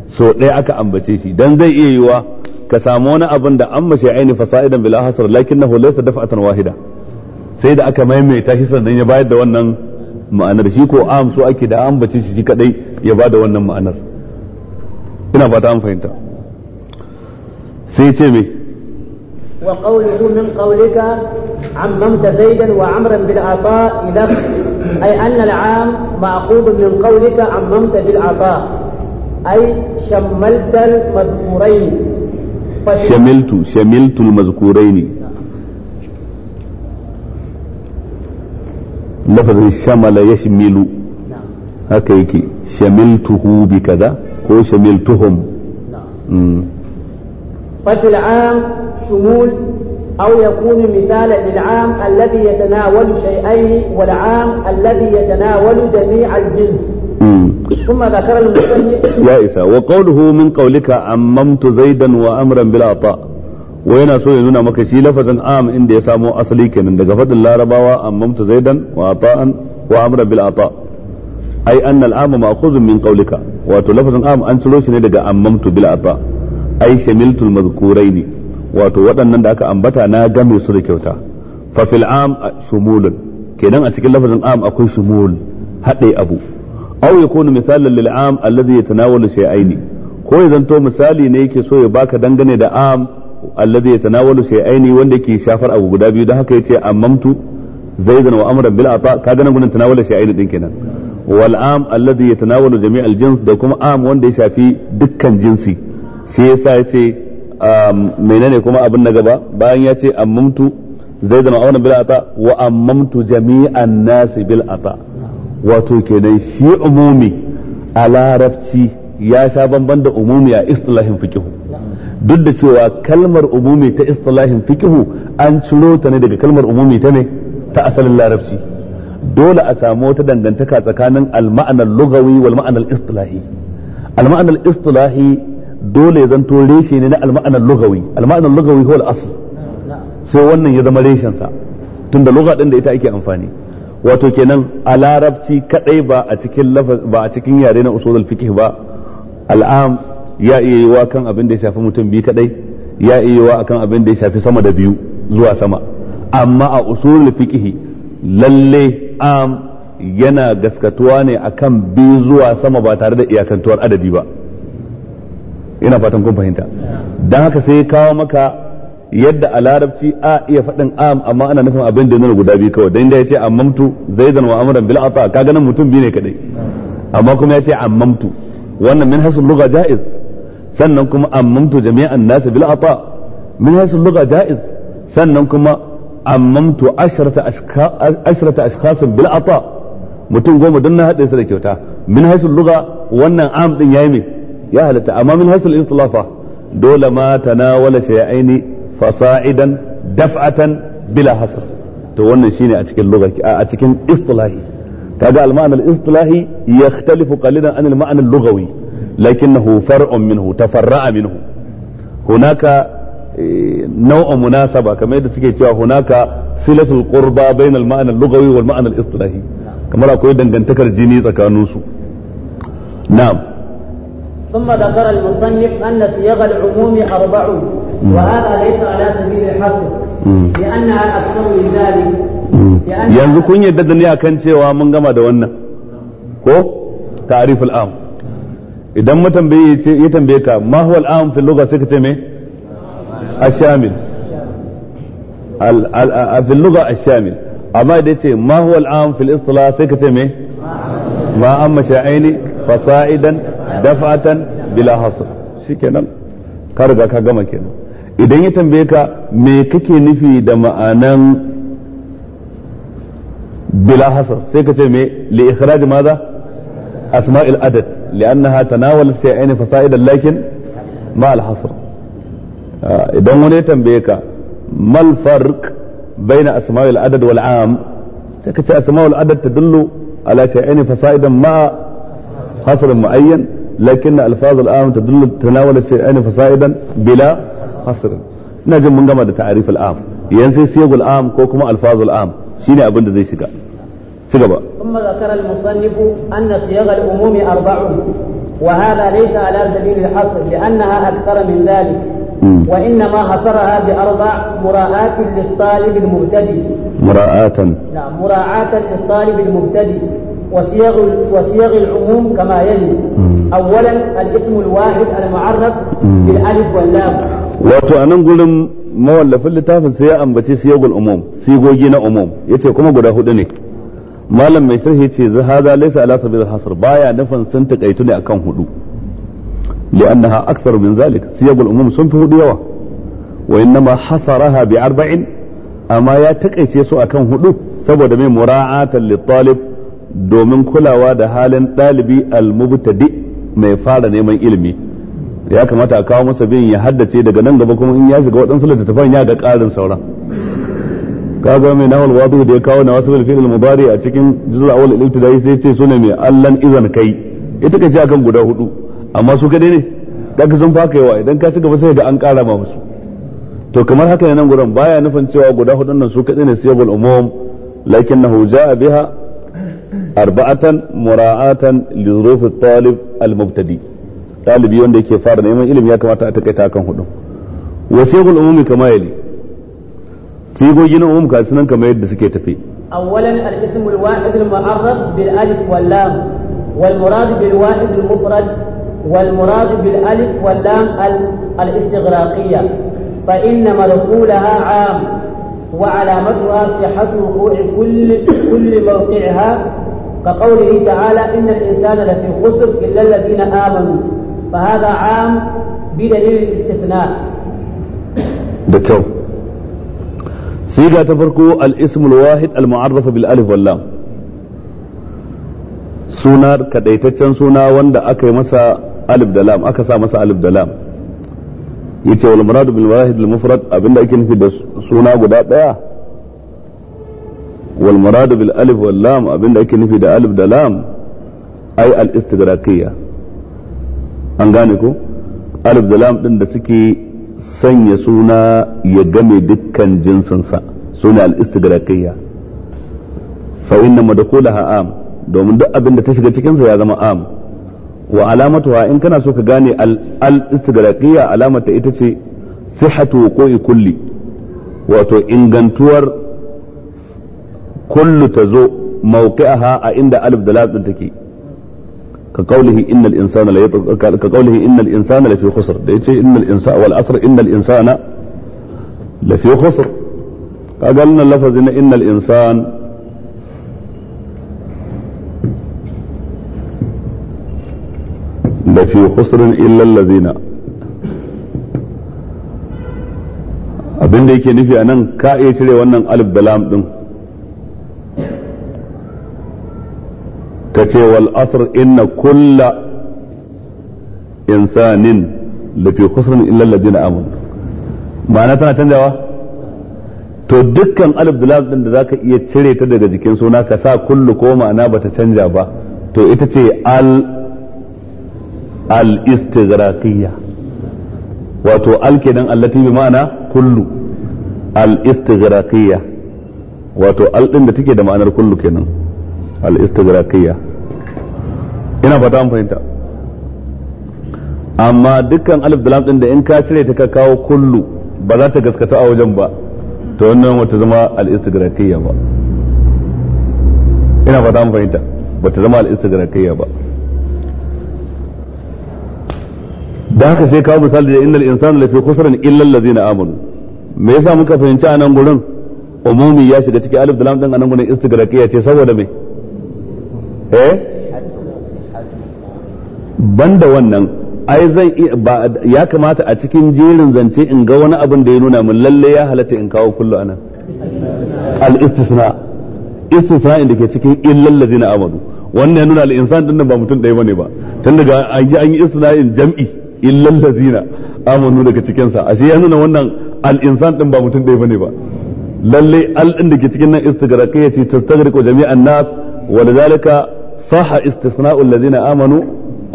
so ɗaya aka ambace shi dan zai iya yiwa ka samu wani abin da an mace aini fasa'idan bil hasar lakin na hulaysa dafa'atan wahida sai da aka maimaita shi sannan ya bayar da wannan ma'anar shi ko am so ake da ambace shi shi kadai ya bada wannan ma'anar ina fata an fahimta sai ce me وقوله من قولك عممت زيدا وعمرا بالعطاء لك أي أن العام مأخوذ من قولك عممت بالعطاء أي شملت المذكورين شملت شملت المذكورين لفظ الشمل يشمل نعم. هكيكي شملته بكذا هو شملتهم نعم قتل العام شمول أو يكون مثالا للعام الذي يتناول شيئين والعام الذي يتناول جميع الجنس ثم ذكر المسلم [COUGHS] يا إسا وقوله من قولك أممت زيدا وأمرا بلا طاء وين سوى نونا نعم، مكشي لفظا عام عندي يسامو أصلي كن عندك فضل لا ربا أممت زيدا وأطاء وأمرا بلا طاء أي أن العام مأخوذ من قولك وتلفظ عام أنسلوش ندق أممت بلا طاء ai shamiltul ne wato waɗannan da aka ambata na game su da kyauta fa fil am shumulun kenan a cikin lafazin am akwai shumul haɗe abu aw yakunu misalan lil am alladhi yatanawalu shay'aini ko ya zanto misali ne yake so ya baka dangane da am alladhi yatanawalu shay'aini wanda yake shafar abu guda biyu don haka yace amamtu zaidan wa amran bil ata kaga nan gudun tanawala shay'aini din kenan wal am alladhi yatanawalu jami' al jins da kuma am wanda ya shafi dukkan jinsi shi yasa ya ce menene kuma abin na gaba bayan ya ce ammamtu zai zama auna bil ata wa ammamtu jami'an nasi bil ata wato kenan shi umumi a larabci ya sha bamban da umumi a istilahin fikihu duk da cewa kalmar umumi ta istilahin fikihu an ciro ta ne daga kalmar umumi ta ne ta asalin larabci dole a samu wata dangantaka tsakanin al-ma'anar lugawi wal ma'anar istilahi al-ma'anar istilahi dole ya zanto reshe ne na alma'anar lugawi alma'anar lugawi ko al sai wannan ya zama reshen sa tunda lugha din da ita ake amfani wato kenan alarabci larabci kadai ba a cikin ba a cikin yare na usulul fiqh ba al'am ya iya wa kan abin da ya shafi mutum biyu kadai ya iya wa akan abin da ya shafi sama da biyu zuwa sama amma a usulul fiqh lalle am yana gaskatuwa ne akan biyu zuwa sama ba tare da iyakantuwar adadi ba ina fatan kun fahimta dan haka sai kawo maka yadda a larabci a iya faɗin am amma ana nufin abin da nuna guda biyu kawai dan da amamtu zai zan wa amran bil ata kaga nan mutum biyu ne kadai amma kuma ya ce amamtu wannan min hasul lugha jaiz sannan kuma amamtu jami'an nas bil ata min hasul lugha jaiz sannan kuma amamtu ashrata ashka ashrata ashkhas bil ata mutum goma don na haɗe su da kyauta min hasul lugha wannan am din yayi mai ya halitta amma min hasul istilafa dole ma tanawala shay'aini fasa'idan daf'atan bila hasr to wannan shine a cikin lugha a cikin istilahi kaga al-ma'na al-istilahi yakhtalifu qalilan an al-ma'na lughawi lakinnahu far'un minhu tafarra'a minhu hunaka نوع مناسبة كما يدسك هناك صلة القربى بين المعنى اللغوي والمعنى الاصطلاحي كما رأى كويدا جنتكر جيني تكانوسو na'am. ثم ذكر المصنف أن صياغ العموم أربع وهذا ليس على سبيل الحصر لأنها أكثر من ذلك yanzu kun yadda da ni a kan cewa mun gama da wannan ko tarif al'am idan mutum tambaye ka ma al'am fil lugha sai ka me ashamil al fil lugha ashamil amma da ce ma huwa al'am fil istilah sai ka me ma amma fasa'idan dafatan bila hasr shikenan ka ka gama kenan idan ya tambaye me kake nufi da ma'anan bila hasr sai ka ce me li ikhraj madha asma'il adad li'annaha tanawalat shay'ain fasa'idan lakin ma al ah, idan wani ya tambaye ka mal baina asma'il adad wal 'am sai ka ma حصر معين لكن الفاظ الآم تدل تناول الشيئين فصائدا بلا حصر نجم من قمد تعريف الآم ينسي سيغ الآم كوكما الفاظ الآم شيني أبند زي سيغا سيغا ثم ذكر المصنف أن صيغ الأموم أربع وهذا ليس على سبيل الحصر لأنها أكثر من ذلك وإنما حصرها بأربع مراعاة للطالب المبتدئ مراعاة نعم مراعاة للطالب المبتدئ وصيغ وصيغ العموم كما يلي اولا الاسم الواحد المعرف بالالف واللام wato a nan gurin mawallafin littafin sai ya ambaci siyagul umum sigogi na umum yace kuma guda hudu ne malam mai sharhi yace zahaza laysa ala sabil hasr baya nufin sun takaitu ne akan hudu li'annaha akthar min zalik siyagul umum sun fi hudu yawa wa innama hasaraha bi arba'in amma ya takaice su akan hudu saboda mai mura'atan lit talib domin kulawa da halin ɗalibi almubtadi mai fara neman ilimi ya kamata a kawo masa bin ya haddace daga nan gaba kuma in ya shiga waɗansu littattafan ya ga ƙarin sauran kaga mai nahul wadu da ya kawo na wasu filfil mubari a cikin juzul awwal al-ibtidai sai ce sunan mai allan izan kai ita kace akan guda hudu amma su kadai ne kaga sun faka wa, idan ka shiga ba sai ga an ƙara ma musu to kamar haka ne nan gurin baya nufin cewa guda hudun nan su kadai ne siyabul umum lakinnahu jaa biha أربعة مراعاة لظروف الطالب المبتدي طالب يوند كي فار نيمان إلم يا كما تأتك تاكم هدو وسيغ الأموم كما يلي سيغو جينا أموم كاسنا كما يد بسكي تفي أولا الاسم الواحد المعرض بالألف واللام والمراد بالواحد المفرد والمراد بالألف واللام الاستغراقية فإنما مدخولها عام وعلامتها صحة وقوع كل كل موقعها كقوله تعالى إن الإنسان لفي خسر إلا الذين آمنوا فهذا عام بدليل الاستثناء دكتور صيغة تفركو الاسم الواحد المعرف بالألف واللام سونار kadaitaccen سونا وندا aka مسا ألف دلام da مسا ألف دلام, yace wal murad bil wahid al mufrad abinda ake nufi da suna guda daya wal murad bil alif wal lam abinda ake nufi da alif da lam ay al istigraqiyya an gane ko alif da lam din da suke sanya suna ya game dukkan jinsinsa suna al istigraqiyya fa inna madkhulaha am domin duk abinda ta shiga cikin sa ya zama am wa alamatuha in kana so ka gane al istighraqiyya alamata ita ce sihhatu wuqu'i kulli wato ingantuwar kullu tazo mawqi'aha a inda alif da lam din take ka qawlihi innal insana la ka qawlihi innal insana la fi khusr da yace innal insa wal asr innal insana la fi khusr kaga nan lafazin innal insana da fi khusrin illal lazina abin da yake nufi a nan ka iya cire wannan alif da lam din ka ce wal asr inna kulla insanin da fi khusrin illal lazina amun ma'ana tana canjawa to dukkan alif da lam din da zaka iya cire ta daga jikin sona ka sa kullu ko ma'ana bata canja ba to ita ce al al-istighraqiyya wato alkinan allati bi ma'ana kullu al-istighraqiyya wato al din da take da ma'anar kullu kenan al-istighraqiyya ina fata an fahimta amma dukkan alif da lam din da in ka cire ta ka kawo kullu ba za ta gaskata a wajen ba to wannan wata zama al-istighraqiyya ba ina fata an fahimta bata zama al-istighraqiyya ba da haka sai kawo misali da innal insanu lafi khusran illa allazina amanu me yasa muka fahimci a nan gurin umumi ya shiga cikin alif da lam din a nan gurin ya ce saboda me eh banda wannan ai zan ya kamata a cikin jerin zance in ga wani abin da ya nuna min lalle ya halatta in kawo kullu anan al istisna istisna inda ke cikin illal ladina amanu wannan ya nuna al insan din ba mutum ɗaya bane ba tun daga an yi in jam'i illal lazina amanu daga cikin sa ashe ya nuna wannan al insan din ba mutum ɗaya bane ba lalle al din dake cikin nan istigraqiyya ce tastagriqu jami'an nas wa lidhalika saha istisna'u allazina amanu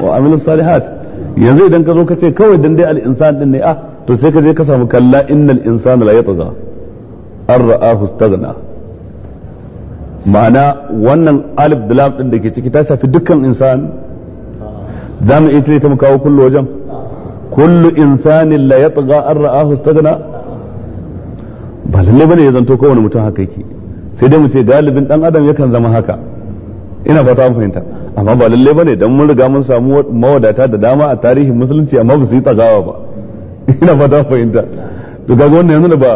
wa amilus salihat yanzu idan ka zo ka ce kawai dan dai al insan din ne ah to sai ka je ka samu kalla innal insana la yatagha an ra'ahu istaghna ma'ana wannan alif da din da ke ciki ta shafi dukkan insan zamu mu iya ta mu kawo kullu wajen kullu insanin la yatgha an ra'ahu istaghna ba lalle bane ya zanto kowane mutum haka yake sai dai mu ce galibin dan adam yakan zama haka ina fata an fahimta amma ba lalle bane dan mun riga mun samu mawadata da dama a tarihin musulunci amma ba su yi tsagawa ba [LAUGHS] ina fata an fahimta to kaga wannan yanzu ba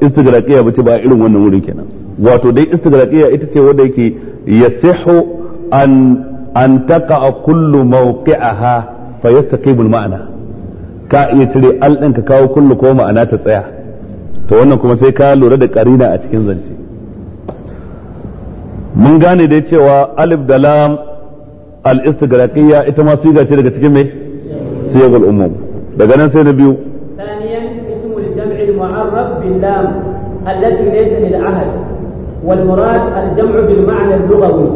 istighraqiya ba ce ba irin wannan wurin kenan wato dai istighraqiya ita ce wanda yake yasihu an an taqa kullu mawqi'aha fa yastaqimul ma'ana ka iya cire al ɗin ka kawo kullu ko ma'ana ta tsaya to wannan kuma sai ka lura da karina a cikin zance mun gane dai cewa alif da lam al istigraqiyya ita ma siga ce daga cikin me siyagul umum daga nan sai na biyu ثانيا اسم الجمع المعرف باللام التي ليس للعهد والمراد الجمع بالمعنى اللغوي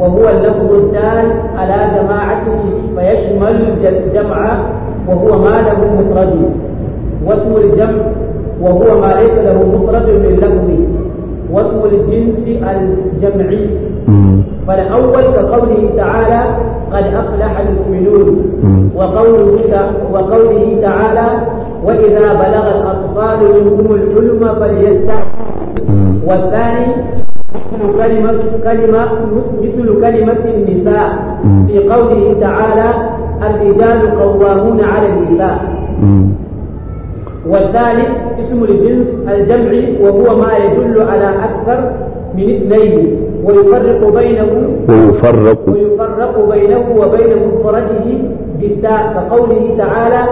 وهو اللفظ الدال على جماعته فيشمل الجمع وهو ما له مفرد واسم الجمع وهو ما ليس له مفرد من لفظه واسم الجنس الجمعي فالأول كقوله تعالى قد أفلح المؤمنون وقوله وقوله تعالى وإذا بلغ الأطفال منكم الحلم فليستعفوا والثاني مثل كلمة كلمة مثل كلمة النساء في قوله تعالى الرجال قوامون على النساء والثالث اسم الجنس الجمعي وهو ما يدل على أكثر من اثنين ويفرق بينه ويفرق ويفرق بينه وبين مفرده بالتاء كقوله تعالى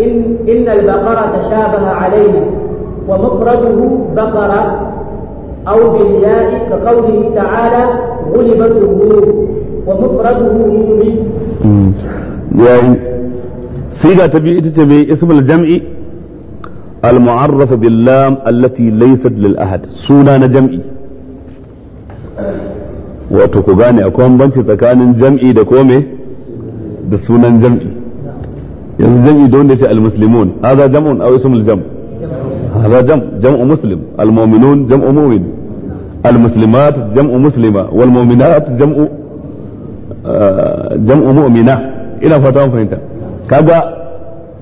إن إن البقرة تشابه علينا ومفرده بقرة أو بالياء كقوله تعالى غلبت الروم ومفرده رومي yayi siga ta biyu ita ce mai ismul jam'i al-mu'arraf bil lam allati laysat lil ahad suna na jam'i wato ku gane akwai bambanci tsakanin jam'i da kome da sunan jam'i yanzu jam'i da wanda ce al-muslimun hadha jam'un aw ismul jam' hadha jam' jam'u muslim al-mu'minun jam'u mu'min al-muslimat jam'u muslima wal mu'minat jam'u jam'u ina fata an fahimta kaga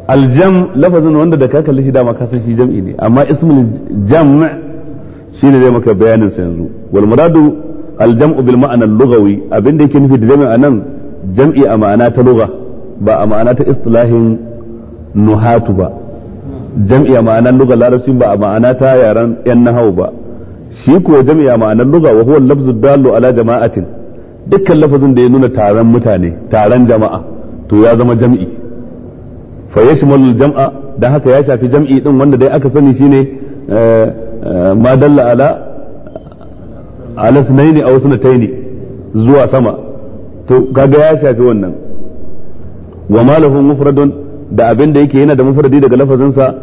aljam lafazin wanda da ka kalli shi dama ka san shi jam'i ne amma ismul jam' shine zai maka bayanin sa yanzu wal muradu aljam'u bil ma'ana al-lughawi abinda yake nufi da jam'i anan jam'i a ma'ana ta lugha ba a ma'ana ta istilahin nuhatu ba jam'i a ma'anar lugha larabci ba a ma'ana ta yaran yan nahawu ba shi kuwa jam'i a ma'anar lugha wa huwa lafzu dallu ala jama'atin dukkan lafazin da ya nuna taron mutane taron jama'a to ya zama jam'i fa yashmalu jam'a dan haka ya shafi jam'i din wanda dai aka sani shine eh, eh, ma dalla ala ala sunaini aw sunataini zuwa sama to kaga ya shafi wannan wa malahu mufradun da abin da yake yana da mufradi daga lafazinsa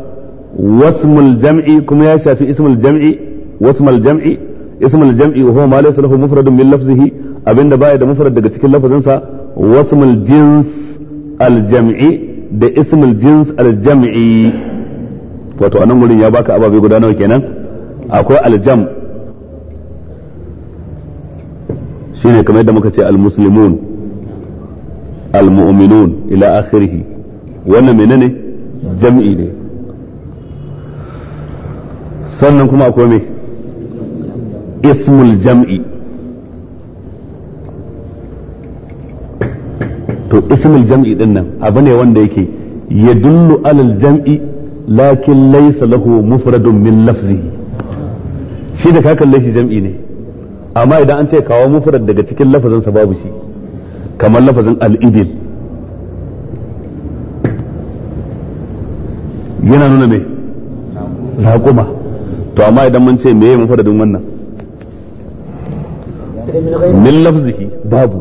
wasmul jam'i kuma ya shafi ismul jam'i wasmul jam'i ismul jam'i wa huwa ma laysa lahu mufradun min lafzihi abinda baya da mufrad daga cikin lafazinsa wasmul jins aljam'i da ismul jins aljam'i wato anan gurin ya baka ababe guda nawa kenan akwai aljam shine kamar yadda muka ce almuslimun almu'minun ila akhirih wannan menene jam'i ne sannan kuma akwai me ismul jam'i to ismul jam'i din nan abu ne wanda yake yadullu alal jam'i lakin laysa lahu mufradun min lafzihi shi da kakan kalle jam'i ne amma idan an ce kawo mufrad daga cikin lafazin sa babu shi kamar lafazin al-ibil yana nuna me kuma to amma idan mun ce meye mufradin wannan min lafzihi babu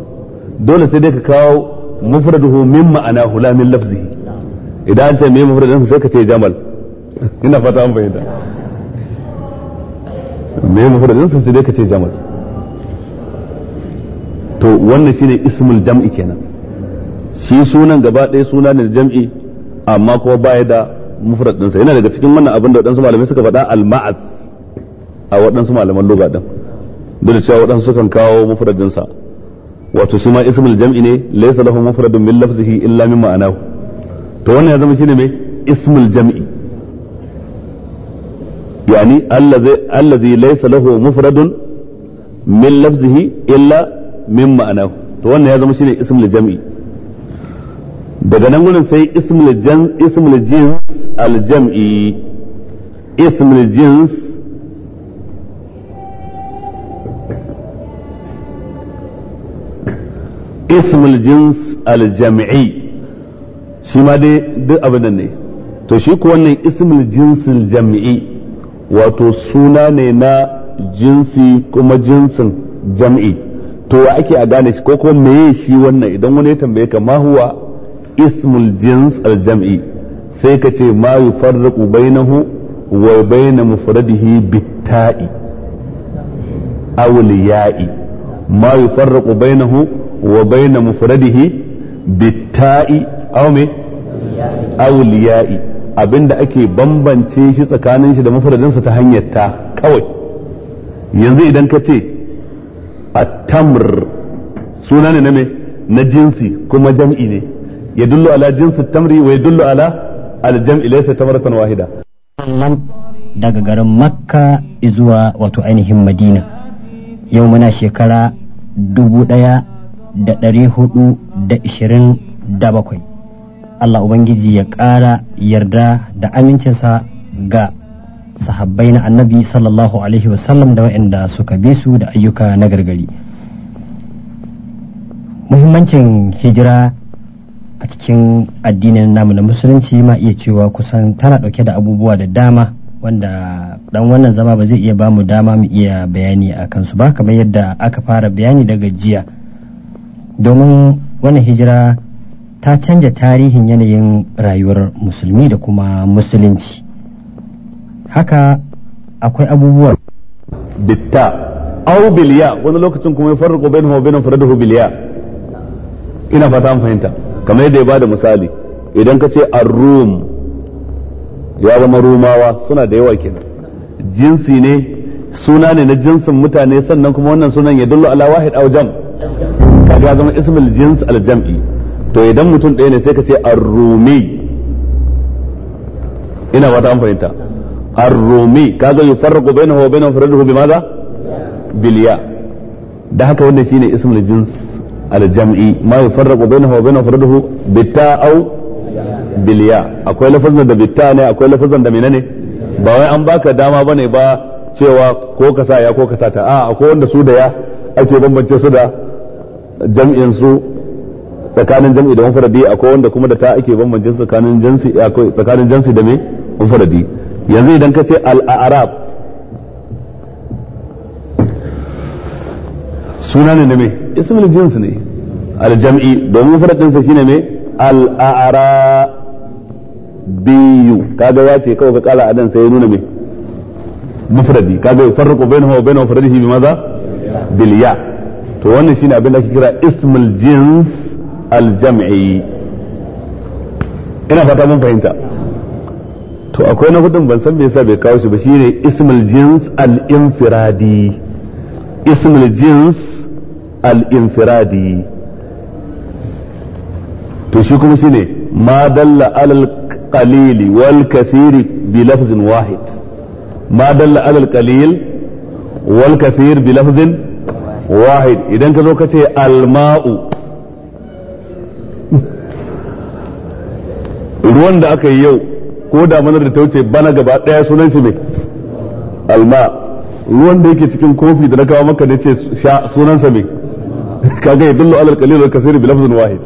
dole sai dai ka kawo mufraduhu min ma'ana hula min lafzihi idan an ce me mufradin sai ka ce jamal ina fata an fahimta me mufradin sai dai ka ce jamal to wannan shine ismul jam'i kenan shi sunan gaba ɗaya suna ne jam'i amma kuma baya da mufrad ɗinsa yana daga cikin wannan abin da waɗansu malamai suka faɗa al-ma'az a waɗansu malaman lugha dole duk da cewa waɗansu sukan kawo mufrad ɗinsa wato shi ma ismul jam'i ne laysa lahu mufradun min lafzihi illa min ma'anahu to wannan ya zama shine me ismul jam'i yani allazi allazi laysa lahu mufradun min lafzihi illa min ma'anahu to wannan ya zama shine ismul jam'i daga nan gurin sai ismul jins ismul jins al jam'i ismul jins ismul jins aljami'i shi ma duk abin nan ne to shi ko wannan ismul jinsil jami'i wato suna ne na jinsi kuma jinsin jam'i to ake a gane shi ko kuma meye shi wannan idan wani ya tambaye ka mahuwa huwa ismul jins aljam'i sai ka ce ma yufarriqu bainahu wa baina mufradihi bitta'i aw liya'i ma yufarriqu bainahu wa baina mufradihi bitta'i aw me abinda ake bambance shi tsakanin shi da mufradinsa ta hanyar ta kawai yanzu idan ka ce at-tamr suna ne na me na jinsi kuma jam'i ne yadullu ala jinsi tamri wa yadullu ala al-jam'i laysa tamratan wahida daga garin makka zuwa wato ainihin madina yau muna shekara dubu ɗaya da ɗari hudu da ishirin da bakwai Allah Ubangiji ya ƙara yarda da amincinsa ga sahabbai na annabi sallallahu alaihi wasallam da waɗanda suka bi su da ayyuka na gargari muhimmancin hijira a cikin addinin namu na musulunci ma iya cewa kusan tana ɗauke da abubuwa da dama wanda dan wannan zama ba zai iya bamu dama mu iya bayani a kansu ba kamar yadda aka fara bayani daga jiya domin wannan hijira ta canja tarihin yanayin rayuwar musulmi da kuma musulunci haka akwai abubuwa bitta au biliya wani lokacin kuma ya farko bain hau bain faradahu biliya ina fata an fahimta kamar yadda ya bada misali idan ka ce ar-rum ya zama rumawa suna da yawa kenan jinsi ne suna ne na jinsin mutane sannan kuma wannan sunan ya dullu ala wahid aw jam' kaga ya zama ismul jins aljam'i to idan mutum ɗaya ne sai ka ce ar-rumi ina wata an fahimta ar-rumi kaga yufarraqu bainahu wa bainahu faraduhu bimaza biliya da haka wannan shine ismul jins aljam'i ma yufarraqu bainahu wa bainahu faraduhu bitta au biliya akwai lafazin da bitta ne akwai lafazin da menene ba wai an baka dama bane ba cewa ko ka sa ya ko ka sa ta a akwai wanda su da ya ake bambance su da jam'in su tsakanin jam'i da mufradi akwai wanda kuma da ta ake bambance tsakanin jinsi akwai tsakanin jinsi da me mufradi yanzu idan ka ce al-a'rab suna ne me ismin jinsi ne al-jam'i domin mufradin sa shine me al-a'rabiyu kaga ya ce kawai ka kala adan sai ya nuna me mufradi kaga yafarqu bainahu wa bainahu bi maza. bil ya' to wannan shine abin da ake kira ismul jins aljam'i ina fata mun fahimta to akwai na hudun ban san me yasa bai kawo shi ba shine ismul jins al-infiradi ismul jins al-infiradi to shi kuma shine ma dalla alal qalili wal kathiri bi lafzin wahid ma dalla alal qalil wal kathir bi lafzin wahid idan ka zo ka ce alma'u ruwan da aka yi yau ko damanar da ta wuce bana gaba ɗaya sunan shi mai alma ruwan da yake cikin kofi da na kawo maka da ce sa mai [LAUGHS] kaga yadullu alal qalil wal kaseer bi lafzin wahid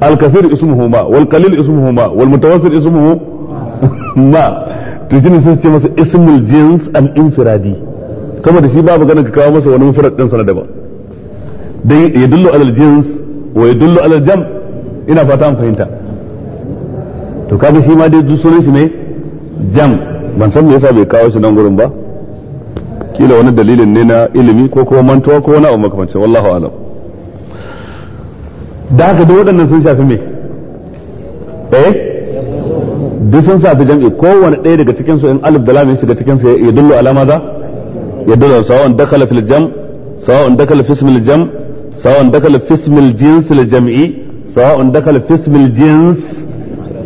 al kaseer ismuhu ma wal qalil ismuhu ma wal mutawassil ismuhu [LAUGHS] ma to shine sun ce masa ismul jins al infiradi saboda shi babu ganin ka kawo masa wani mufrad din sana daban dai ya dullo alal jins wa ya dullo alal jam ina fata an fahimta to kaga shi ma dai duk sunan shi ne jam ban san me yasa bai kawo shi nan gurin ba kila wani dalilin ne na ilimi ko kuma mantuwa ko wani abu makamancin wallahu alam da haka da waɗannan sun shafi me eh duk sun shafi jam'i kowane ɗaya daga cikin su in alif da lamin shiga cikin su ya dullo alama za ya dullo sawa'un dakala fil jam sawa'un dakala fi ismil jam سواء دخل في اسم الجنس الجمعي سواء دخل في اسم الجنس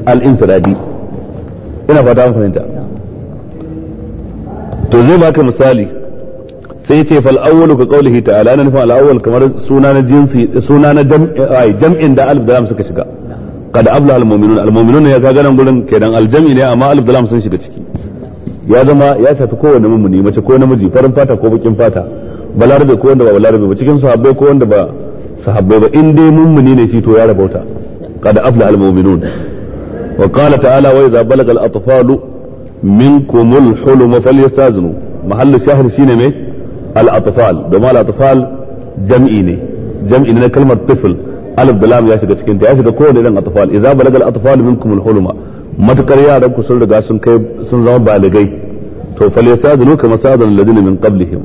الانفرادي ina fata an fahimta to zai baka misali sai ce fal awwalu ka qawlihi ta'ala ana nufin al awwal kamar suna na jinsi suna na jam'in da alif da lam suka shiga kada abla al mu'minun al mu'minun ya kaga nan gurin kenan al jam'i ne amma alif da lam sun shiga ciki ya zama ya shafi kowanne mummuni mace ko namiji farin fata ko bakin fata balarabe ko wanda ba balarabe ba cikin sahabbai ko wanda ba sahabbai ba in dai mummuni ne shi to ya rabauta qad afla al mu'minun wa qala ta'ala wa idza balagha al atfalu minkum al hulum falyastazinu mahallu shahid shine mai al atfal domin al atfal jam'i ne jam'i ne kalmar tifl alif bilam ya shiga cikin ta ya shiga kowane irin atfal idza balagha al atfalu minkum al huluma matakar yaran ku sun riga sun kai sun zama baligai to falyastazinu kama sadan alladhina min qablihim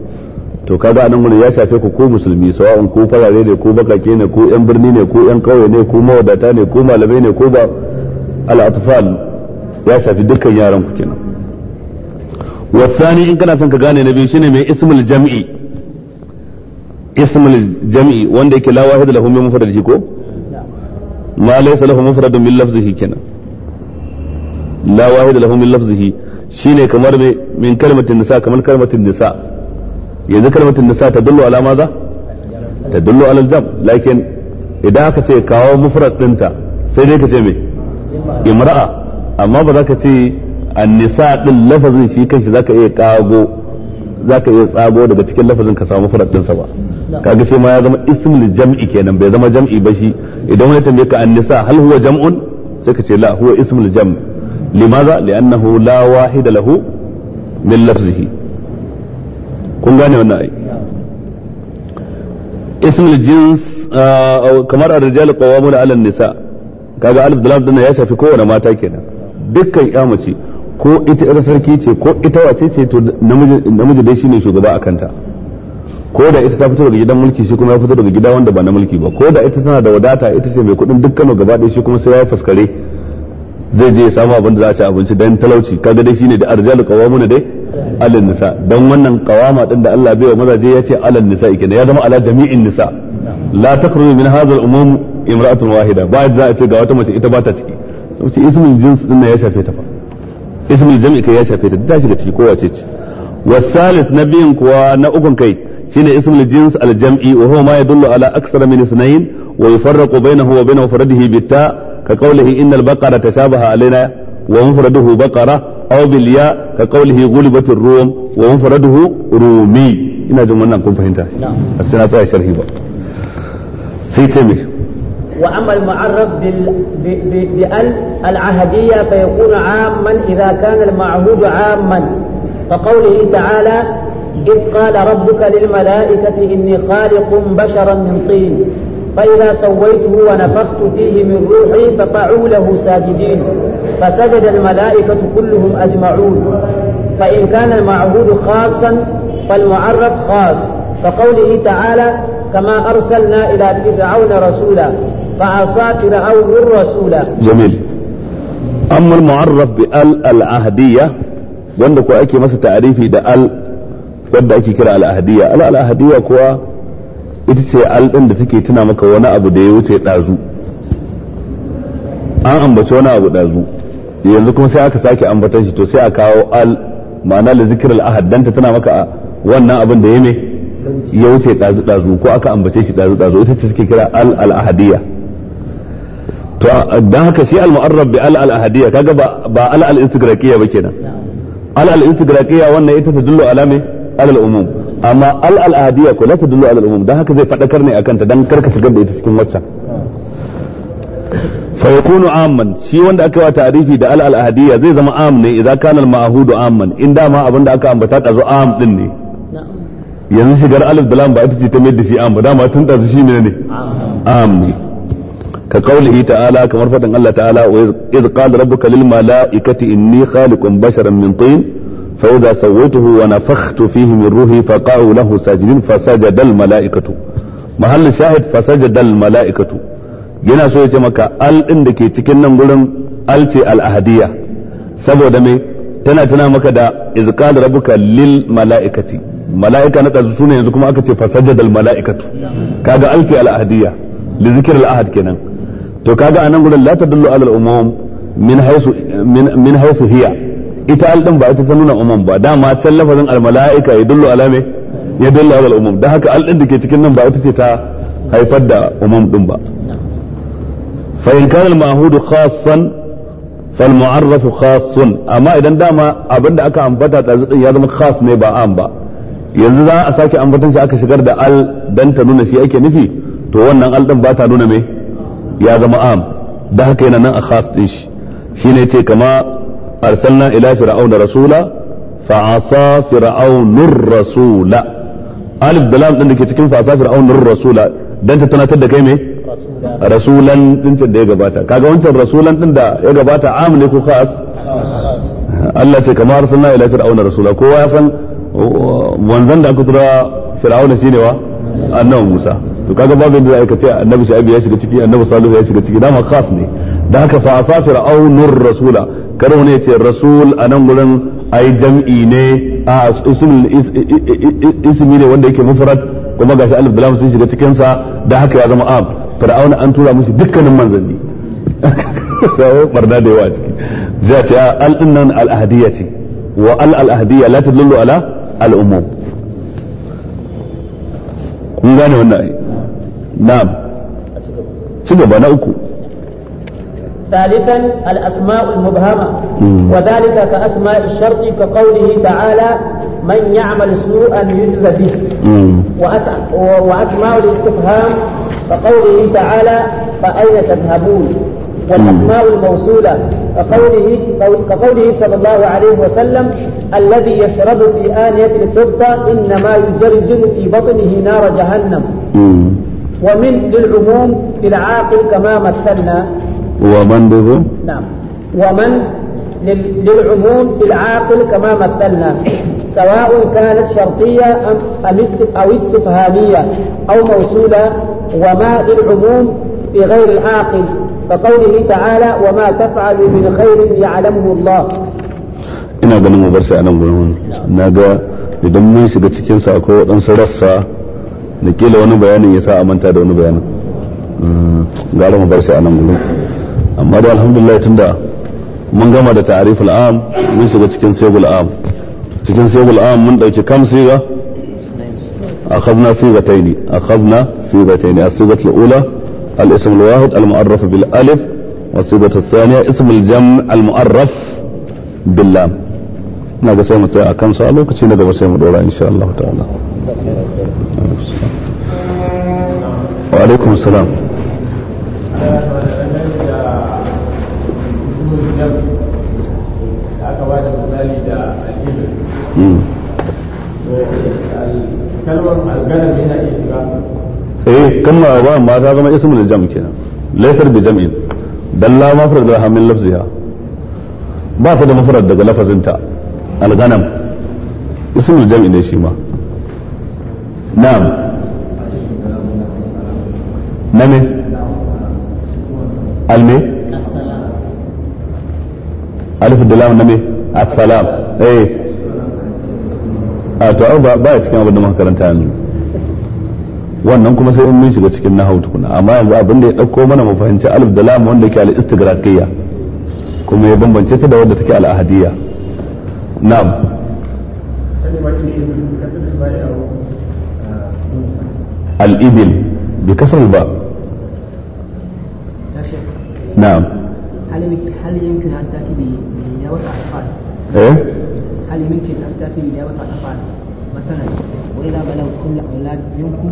to kaga anan wani ya shafe ku ko musulmi sawa'un ko farare ne ko bakake ne ko yan birni ne ko yan kauye ne ko mawadata ne ko malamai ne ko ba al'atfal ya shafi dukkan yaran ku kenan wasani in kana son ka gane na biyu shine mai ismul jam'i ismul jam'i wanda yake la wahid lahum min mufradihi ko ma laysa lahum mufrad min lafzihi kenan la wahid lahum min lafzihi shine kamar min kalmatin nisa kamar kalmatin nisa yanzu kalmatin nisa ta dullo ala maza ta dullo ala jam lakin idan aka ce kawo mufrad dinta sai dai ka ce me imra'a amma ba za ka ce annisa din lafazin shi kanshi zaka iya kago zaka iya tsago daga cikin lafazin ka samu mufrad dinsa ba kaga shi ma ya zama ismul jam'i kenan bai zama jam'i ba shi idan wani tambaye ka annisa hal huwa jam'un sai ka ce la huwa ismul jam'i limaza li'annahu la wahida lahu min lafzihi kun gane wannan ai ismul jins uh, uh, kamar ar-rijal qawwamuna 'ala an-nisa kaga alif dalal din ya shafi kowane mata kenan dukkan ya mace ko ita ir sarki ce ko ita wace ce to namiji namiji dai shine shugaba a kanta ko da ita ta fito daga gidan mulki shi kuma ya fito daga gida wanda ba na mulki ba ko da ita tana da wadata ita ce mai kuɗin dukkan gaba ɗaya shi kuma sai ya fuskare. zai je ya samu abin da za a ci abinci dan talauci kaga dai shine da arjalu qawamuna dai alal nisa dan wannan qawama din da Allah bai wa mazaje ya ce alal nisa kenan ya zama ala jami'in nisa la takhruju min hadha al-umum imra'atun wahida ba za a ce ga wata mace ita ba ta ciki sai ismin jins din ya shafe ta fa ismin jam'i kai ya shafe ta ta shiga ciki kowace ce wasalis na biyun kuwa na ukun kai shine ismul jins al jam'i wa huwa ma yadullu ala aksara min isnayn wa yufarraqu bainahu wa bainahu faradihi bitta كقوله إن البقرة تشابه علينا ومفرده بقرة أو بالياء كقوله غلبت الروم ومفرده رومي إن جمعنا نكون فهمتها نعم السنة ساعة شرحي في تمي وأما المعرف بال... ب... ب... بأل العهدية فيكون عاما إذا كان المعهود عاما فقوله تعالى إذ قال ربك للملائكة إني خالق بشرا من طين فإذا سويته ونفخت فيه من روحي فقعوا له ساجدين فسجد الملائكة كلهم أجمعون فإن كان المعهود خاصا فالمعرف خاص فقوله تعالى كما أرسلنا إلى فرعون رسولا فعصى فرعون الرسول جميل أما المعرف بأل العهدية wanda أكي مثل تعريفي ده أل al wanda ake العهدية al ita ce alɗin da take tuna maka wani abu da ya wuce ɗazu an ambaci wani abu ɗazu yanzu kuma sai aka sake ambatan shi to sai a kawo al ma'ana da zikirar ahad dan ta tana maka wannan abin da ya me ya wuce ɗazu ɗazu ko aka ambace shi ɗazu ɗazu ita ce suke kira al al ahadiyya to dan haka shi al mu'arrab bi al al ahadiyya kaga ba ba al al istigraqiyya ba kenan al al istigraqiyya wannan ita ta dullo ala me al al umum amma al al'adiyya ko la tadullu ala umum dan haka zai fadakar ne akan ta dan karka shigar da ita cikin waccan fa yakunu amman shi wanda aka wa ta'rifi da al al'adiyya zai zama am ne idan kana al-ma'hudu amman in dama abinda aka ambata da zo am din ne yanzu shigar alif da lam ba ita ce ta mai da shi am ba dama tun da shi ne ne am ne ka qaulihi ta'ala kamar fadin Allah ta'ala wa iz qala rabbuka lil mala'ikati inni khaliqun basharan min tin فإذا سويته ونفخت فيه من روحي فقعوا له ساجدين فسجد الملائكة محل الشاهد فسجد الملائكة yana so ya ce maka al ɗin da ke cikin nan gurin al ce al'ahadiyya saboda me tana tana maka da izqal rabbuka lil mala'ikati mala'ika na kazu sune yanzu kuma aka ce fasajjadal mala'ikatu kaga al ce al'ahadiyya li zikr al ahad kenan to kaga anan gurin la tadullu ala al umum min haythu min haythu hiya ita al din ba ita ta nuna umman ba dama can lafazin al mala'ika yadullu ala me yadullu ala al umum dan haka al din dake cikin nan ba ita ce ta haifar da umum din ba fa in kana al ma'hud khassan fal mu'arraf khassun amma idan dama abinda aka ambata da zudin ya zama khas ne ba am ba yanzu za a sake ambatan shi aka shigar da al dan ta nuna shi ake nufi to wannan al din ba ta nuna me ya zama am da haka yana nan a khas din shi shine ce kama arsalna إلى fir'auna rasula فعصى فرعون rasula alif da lam فعصى da ke cikin تتنا rasula dan ta tunatar da kai me rasulan din da ya gabata kaga wancan rasulan din da ya gabata am ne وانزن دا Allah ce kamar arsalna ila fir'auna to kaga babu yadda aka ce annabi Shu'aib ya shiga ciki annabi Salihu ya shiga ciki dama khas ne da haka fa asafir aunur rasula kar wani ya ce rasul a nan gurin ai jam'i ne a ismi ne wanda yake mufrad kuma gashi alif da lam sun shiga cikin sa da haka ya zama am fir'auna an tura mushi dukkanin manzanni sai [LAUGHS] barna da yawa ciki zai ce ah, al dinnan al ahdiyati ce wa al al ahdiya la tadullu ala al umum kun gane wannan na'am ci gaba na uku ثالثا الأسماء المبهمة وذلك كأسماء الشرط كقوله تعالى من يعمل سوءا يجز به وأسماء الاستفهام كقوله تعالى فأين تذهبون والأسماء الموصولة كقوله, كقوله صلى الله عليه وسلم الذي يشرب في آنية الفضة إنما يجرجر في بطنه نار جهنم ومن للعموم في العاقل كما مثلنا ومن به نعم ومن للعموم العاقل كما مثلنا سواء كانت شرطية أم أو استفهامية أو موصولة وما للعموم بغير العاقل فقوله تعالى وما تفعل من خير يعلمه الله ina ganin mu bar sai anan gurin na ga idan mun shiga cikin sa akwai waɗansu rassa da kila wani bayanin ya sa a manta da wani bayanin gara mu bar sai anan gurin amma da alhamdulillah tunda mun gama da ta'ariful am mun shiga cikin sayyidul am cikin sayyidul am mun dauki kam siga akhadna sigatayn akhadna sigatayn as-sigatu al-ula al-ism al-wahid al-mu'arraf bil alif والصيغة الثانية اسم الجمع المؤرف باللام ina ga sai mu tsaya a kansa a lokaci na gaba sai mu dora insha Allah ta'ala wa alaikum salam Hmm. kalmar algalam iya eh kalmar algalam ma ta zama ismul jam kenan laysar bi jam'in dalla mafrad da hamin lafziha ba ta da mafrad daga lafazinta alganam ismul jam'i ne shi ma na'am na me alme alif da lam na me assalam eh a to ba ba cikin abin da muka karanta yanzu wannan kuma sai in mun shiga cikin nahwu tukuna amma yanzu abin da ya dauko mana mu fahimci alif da lam wanda yake al-istighraqiyya kuma ya bambance ta da wanda take al-ahadiyya na'am al-ibil bi kasr ba na'am هل يمكن أن تأتي بنية والأحفاد؟ إيه؟ هل يمكن أن تأتي إجابة الأفعال مثلا وإذا بلغ كل أولاد منكم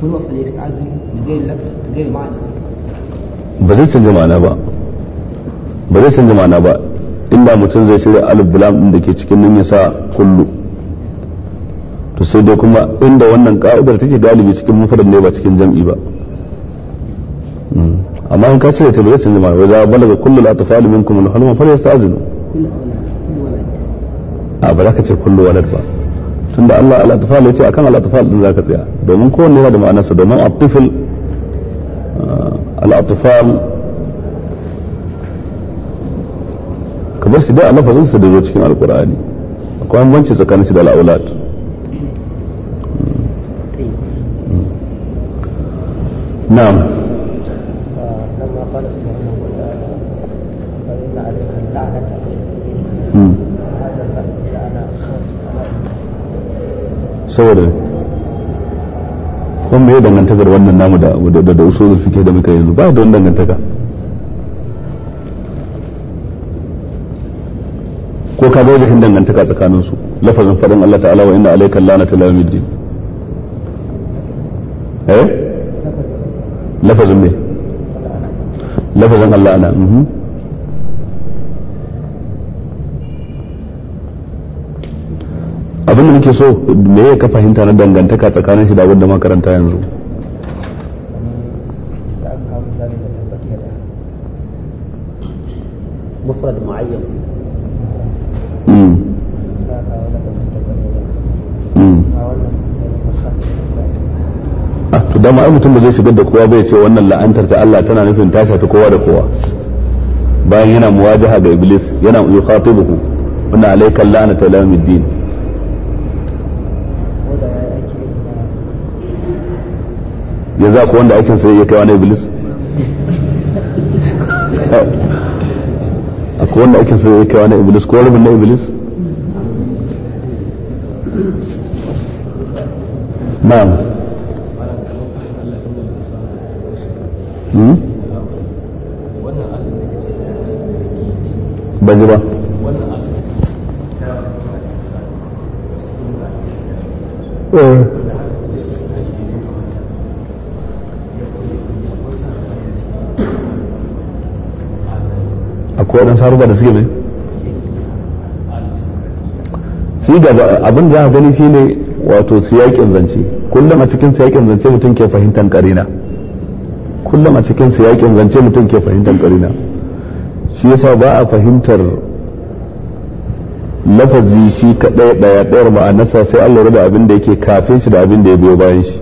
كل فليستعذ بغير لفظ غير معنى ba zai canza ma'ana ba ba zai san ma'ana ba inda mutum zai shirya alif da lam da ke cikin nan ya sa kullu to sai dai kuma inda wannan ka'idar take galibi cikin mufrad ne ba cikin jam'i ba hmm. amma in ka shirya ta ba zai san ma'ana wa za balaga kullu la tafalu minkum al-hulma yasta'zinu a ba za ka ce kullu walad ba tunda Allah al-atfal ya ce akan al-atfal din zaka tsaya domin kowanne yana da ma'anarsa domin at-tifl ah, al-atfal kamar shi da a lafazin sa da zo cikin alqur'ani akwai bambanci tsakanin shi da al-aulad hmm. hmm. na'am saboda kuma me dangantakar wannan namu da da da usulul fiqh da muka yanzu ba da wannan dangantaka ko ka gaba jikin dangantaka tsakanin su lafazin fadin Allah ta'ala wa inna alayka lanata la yawmiddin eh lafazin me lafazin Allah ana mhm abinda nake so me ya ka fahimta na dangantaka tsakanin shi da abin da makaranta yanzu مفرد معين hmm. hmm. ah, dama ai mutum ba zai shigar da kowa bai ce wannan la'antar ta Allah tana nufin ta shafi kowa da kowa bayan yana muwajaha ga iblis yana yukhatibuhu wannan alaikal la'nata lamiddin yanzu ku wanda aikin sai ya kai wani iblis akwai wanda aikin sai ya kai wani iblis ko rubin na iblis na'am hmm? ba ji ba eh taruka da suke mai su ga abin da a gani shine wato siyakin zance kullum a cikin siyakin zance mutum ke fahimtar karina kullum a cikin siyakin zance mutum ke fahimtar karina shi yasa ba a fahimtar lafazi shi kaɗai ɗaya a ma'anarsa sai an lura da abin da yake kafin shi da abin da ya biyo bayan shi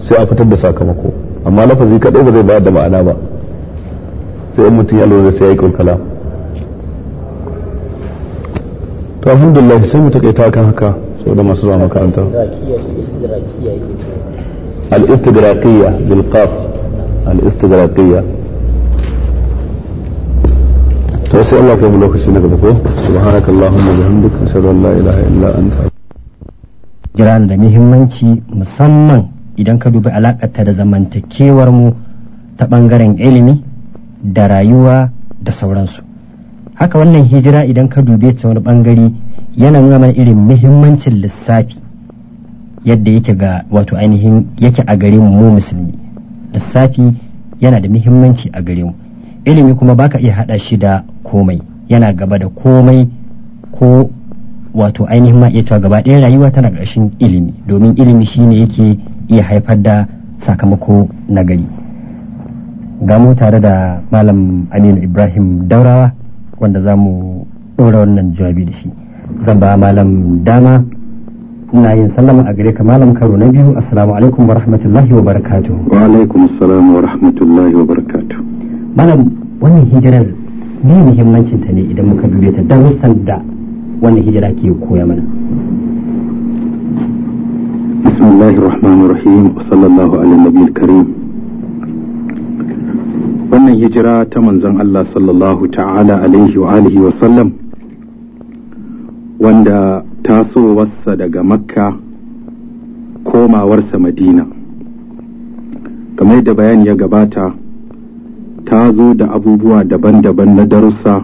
sai a fitar da sakamako amma lafazi kaɗai ba zai bayar da ma'ana ba sai in mutum ya lura da sai ya yi kalam to alhamdulillah sai mu takaita kan haka da masu zuwa makaranta al-istigraqiyya bil qaf al-istigraqiyya to sai Allah ya mu lokaci na gaba ko subhanakallahumma bihamdika ashhadu an la ilaha illa anta jiran da muhimmanci musamman idan ka dubi ta da zamantakewar mu ta bangaren ilimi da rayuwa da sauransu haka wannan hijira idan ka dube ta wani bangare yana nuna mana irin muhimmancin lissafi yadda yake ga wato ainihin yake a gare mu musulmi lissafi yana da muhimmanci a gare mu ilimi kuma baka iya hada shi da komai yana gaba da komai ko wato ainihin ma iya cewa gaba ɗaya rayuwa tana ƙarshen ilimi domin ilimi shine yake iya haifar da sakamako nagari gamu tare da malam aminu ibrahim daurawa wanda za mu ɗora wannan jawabi da shi zan ba malam dama ina yin sallama a gare ka malam karo na biyu assalamu alaikum wa rahmatullahi wa barakatu wa alaikum assalam wa rahmatullahi wa barakatu malam wannan hijirar me muhimmancin ta ne idan muka dube ta darussan da wannan hijira ke koya mana بسم الله الرحمن sallallahu alaihi wa على wannan hijira ta manzon Allah sallallahu ta'ala alaihi wa alihi wa sallam wanda tasowarsa daga makka komawarsa madina kamar da bayani ya gabata ta zo da abubuwa daban-daban na darussa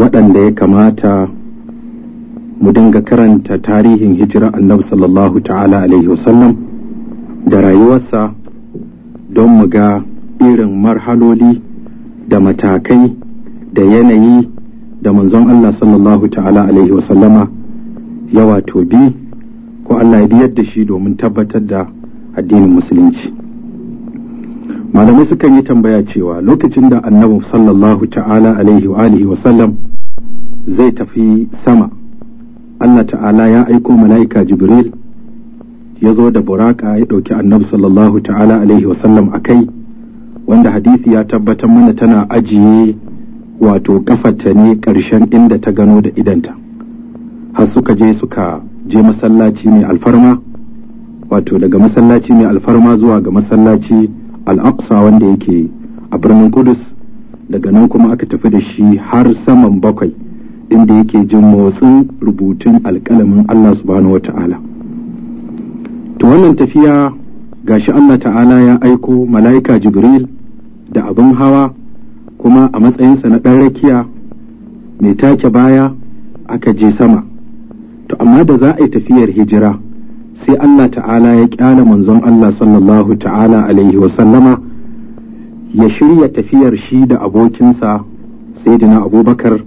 waɗanda ya kamata mu dinga karanta tarihin hijira annabi sallallahu ta'ala alaihi da rayuwarsa don mu ga irin marhaloli da matakai da yanayi da manzon Allah sallallahu ta'ala alaihi wasallama ya wato bi ko Allah ya biyar da shi domin tabbatar da addinin musulunci malamai sukan yi tambaya cewa lokacin da annabi sallallahu ta'ala alaihi wa alihi wasallam zai tafi sama Allah ta'ala ya aiko mala'ika jibril ya zo da buraka ya ɗauki annabi sallallahu ta'ala alaihi wasallam a kai wanda hadisi ya tabbatar mana tana ajiye wato kafarta ne ƙarshen inda ta gano da idanta har suka je suka je masallaci mai alfarma wato daga masallaci mai alfarma zuwa ga masallaci al-aqsa wanda yake a birnin kudus daga nan kuma aka tafi da shi har saman bakwai inda yake jin motsin rubutun alƙalamin allah subhanahu wata'ala to wannan tafiya gashi allah ta'ala ya aiko mala'ika jibril da abin hawa kuma a matsayinsa na ɗan rakiya mai take baya aka je sama to amma da za a yi tafiyar hijira sai Allah ta'ala ya ƙyala manzon Allah sallallahu ta'ala alaihi wasallama ya shirya tafiyar shi da abokinsa sai dina abubakar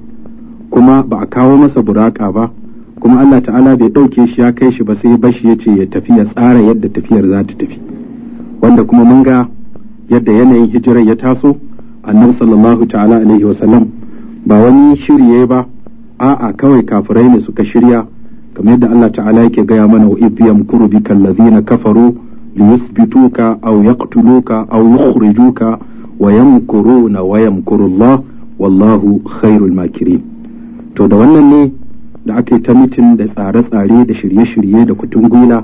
kuma ba a kawo masa buraka ba kuma Allah ta'ala bai ɗauke shi ya kai shi ba sai bashi ya ce ya tafi ya tsara yadda tafiyar za ta tafi wanda kuma mun ga yadda yanayin hijirar ya taso annabi sallallahu ta'ala alaihi wasallam ba wani shirye ba a'a kawai kafirai ne suka shirya kamar yadda Allah ta'ala yake gaya mana wa idh yamkuru allazina kafaru liyuthbituka aw yaqtuluka aw yukhrijuka wa yamkuruna wa yamkuru wallahu khairul makirin to da wannan ne da aka yi ta mitin da tsare-tsare da shirye-shirye da kutun gwila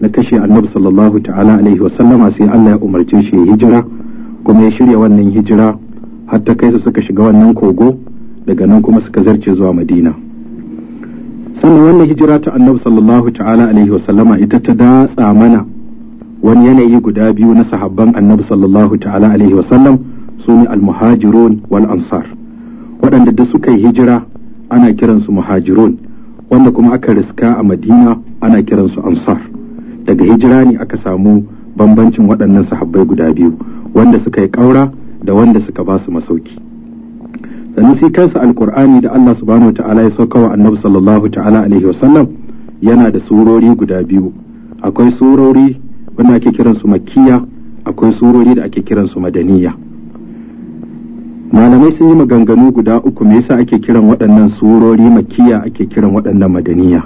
na kashe annabi sallallahu ta'ala alaihi wasallama sai Allah ya umarce shi ya hijira kuma ya shirya wannan hijira har ta kai su suka shiga wannan kogo daga nan kuma suka zarce zuwa madina sannan wannan hijira ta annabi sallallahu ta'ala alaihi wasallama ita ta datsa mana wani yanayi guda biyu na sahabban annabi sallallahu ta'ala alaihi wasallam su ne almuhajirun wal ansar waɗanda da suka yi hijira ana kiransu muhajirun wanda kuma aka riska a madina ana kiransu ansar daga hijira ne aka samu bambancin waɗannan sahabbai guda biyu wanda suka yi ƙaura da wanda suka ba su masauki sannan sai kansa alkur'ani da Allah subhanahu wa ta'ala ya sauka wa annabi sallallahu ta'ala alaihi wasallam yana da surori guda biyu akwai surori wanda ake kiran su makkiya akwai surori da ake kiran su madaniya malamai sun yi maganganu guda uku me yasa ake kiran waɗannan surori makkiya ake kiran waɗannan madaniya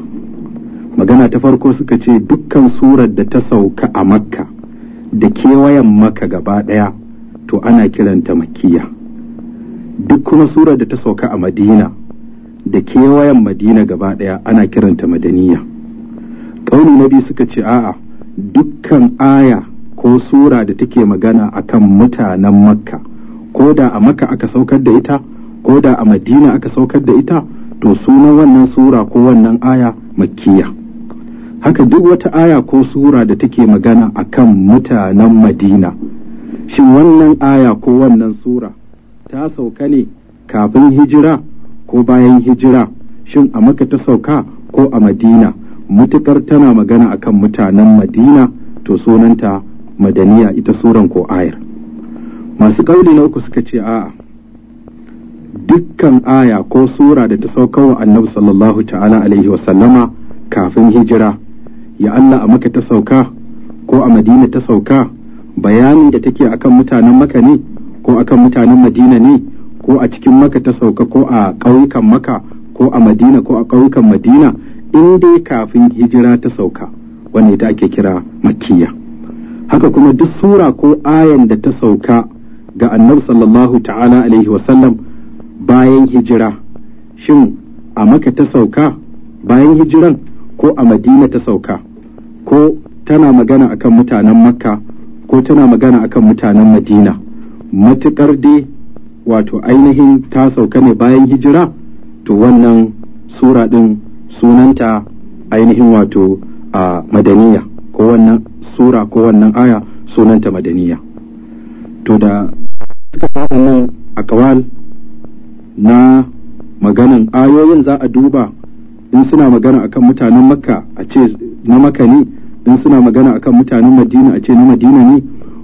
magana ta farko suka ce dukkan surar da ta sauka a makka da kewayen makka gaba ɗaya to ana kiranta makkiya duk kuma surar da ta sauka a madina da kewayen madina gaba ɗaya ana kiranta madaniya ƙauni na biyu suka ce a'a dukkan aya ko sura da take magana a kan mutanen makka ko da a makka aka saukar da ita ko da a madina aka saukar da ita to sunan wannan sura ko wannan aya makkiya haka duk wata aya ko sura da take magana akan mutanen madina shin wannan aya ko wannan sura ta sauka ne kafin hijira ko bayan hijira shin a maka ta sauka ko a madina mutukar tana magana akan mutanen madina to sunanta madaniya ita suran ko ayar masu ƙauli na uku suka ce a'a dukkan aya ko sura da ta sauka wa annabi sallallahu ta'ala alaihi wasallama kafin hijira ya Allah a maka ta sauka ko a madina ta sauka bayanin da take akan mutanen maka ne ko akan mutanen madina ne ko a cikin maka ta sauka ko a ƙauyukan maka ko a madina ko a ƙauyukan madina in dai kafin hijira ta sauka wanda ita ake kira makkiya haka kuma duk sura ko ayan da ta sauka ga annabi sallallahu ta'ala alaihi wasallam bayan hijira shin a maka ta sauka bayan hijiran ko a madina ta sauka ko tana magana akan mutanen makka ko tana magana akan mutanen madina matuƙar dai wato ainihin ta sauka ne bayan hijira to wannan sura ɗin sunanta ainihin wato a madaniya ko wannan sura ko wannan aya sunanta madaniya to da suka nan a kawal na maganan ayoyin za a duba in suna magana akan mutanen makka a ce na maka ne in suna magana akan mutanen madina a ce na madina ne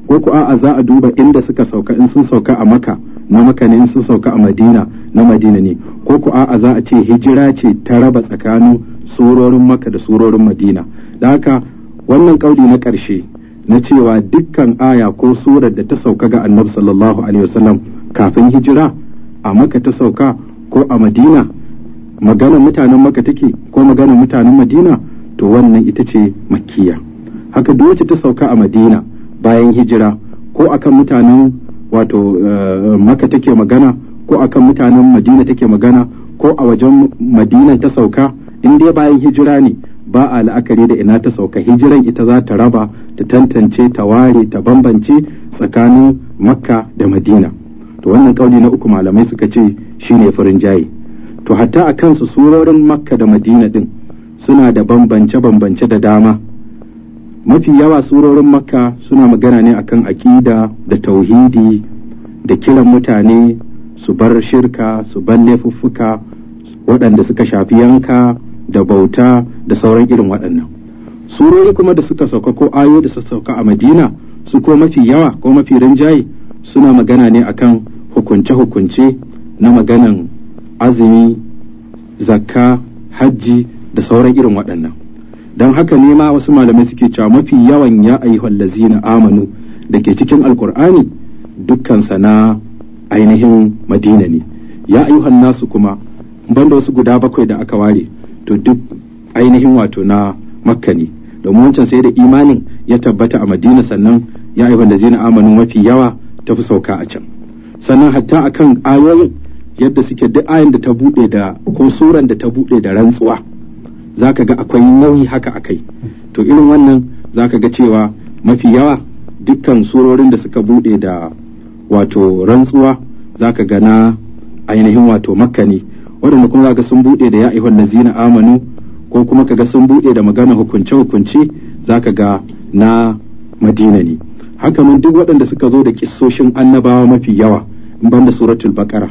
ko ku a'a za a duba inda suka sauka in sun sauka a maka na maka ne in sun sauka a madina na madina ne ko ku a'a za a ce hijira ce ta raba tsakanin surorin maka da surorin madina da haka wannan kauli na karshe na cewa dukkan aya ko surar da ta sauka ga annabi sallallahu alaihi wasallam kafin hijira a maka ta sauka ko a madina maganar mutanen maka take ko maganar mutanen madina to wannan ita ce makkiya haka duk wacce ta sauka a madina bayan hijira ko akan mutanen wato eh, maka take magana ko akan mutanen madina take magana ko a wajen madina ta sauka in dai bayan hijira ne ba a la'akari da ina ta sauka hijiran ita za ta raba ta tantance ta ware ta bambance tsakanin makka da madina to wannan kauli na uku malamai suka ce shine farin jayi. to hatta a kansu surorin makka da madina din suna da bambance-bambance da dama mafi yawa surorin makka suna magana ne akan aƙida da tauhidi da kiran mutane su bar shirka su bar laifuffuka waɗanda suka shafi yanka da bauta da sauran irin waɗannan surori kuma da suka sauka ko ayo da suka sauka a madina su ko mafi yawa ko mafi rinjaye suna magana ne akan hukunce-hukunce na maganan azumi zakka hajji da sauran irin waɗannan don haka ne ma wasu malamai suke cewa mafi yawan ya ayyuhal na amanu da ke cikin alkur'ani dukkansa na ainihin madina ne ya ayyuhan nasu kuma ban da wasu guda bakwai da aka ware to duk ainihin wato na makka ne domin wancan sai da imanin ya tabbata a madina sannan ya ayyuhan zina amanu mafi yawa ta fi sauka a can sannan hatta akan ayoyin yadda suke duk ayin da ta buɗe da ko suran da ta buɗe da rantsuwa Za ka ga akwai nauyi haka a kai, to irin wannan za ka ga cewa mafi yawa dukkan surorin da suka bude da wato rantsuwa za ga na ainihin wato makka ne waɗanda kuma za ka sun bude da na zina amanu ko kuma ka ga sun bude da magana hukunce hukunce za ka ga na madina ne haka nan duk waɗanda suka zo da kisoshin annabawa mafi yawa in banda suratul bakara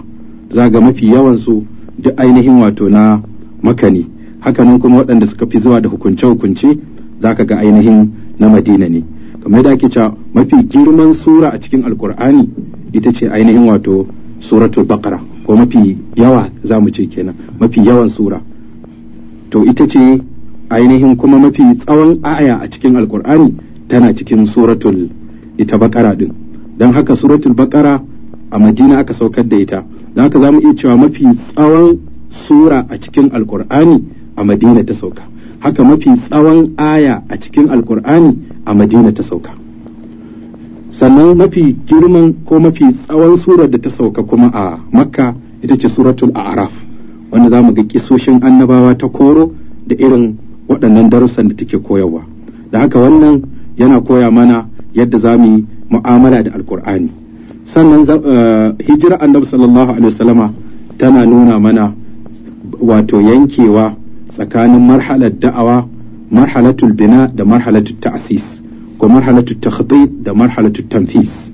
za ga mafi yawan su duk ainihin wato na makani haka nan kuma waɗanda suka fi zuwa da hukunce-hukunce za ka ga ainihin na madina ne kamar da ake cewa mafi girman sura a cikin alkur'ani ita ce ainihin wato suratul bakara ko mafi yawa za mu ce kenan mafi yawan sura to ita ce ainihin kuma mafi tsawon aya a cikin alkur'ani tana cikin suratul ita bakara din don haka suratul bakara a madina aka saukar da ita don haka za mu iya cewa mafi tsawon sura a cikin alkur'ani a madina ta sauka haka mafi tsawon aya a cikin alkur'ani a madina ta sauka sannan mafi girman ko mafi tsawon surar da ta sauka kuma a makka ita ce suratul a'raf wanda za mu ga kisoshin annabawa ta koro da irin waɗannan darussan da take koyarwa da haka wannan yana koya mana yadda za mu yi mu'amala da alkur'ani sannan eh, hijira annabi sallallahu alaihi wasallama tana nuna mana wato yankewa tsakanin marhalar da'awa marhalatul bina da marhalatul ta'sis ko marhalatul takhdid da marhalatul tanfis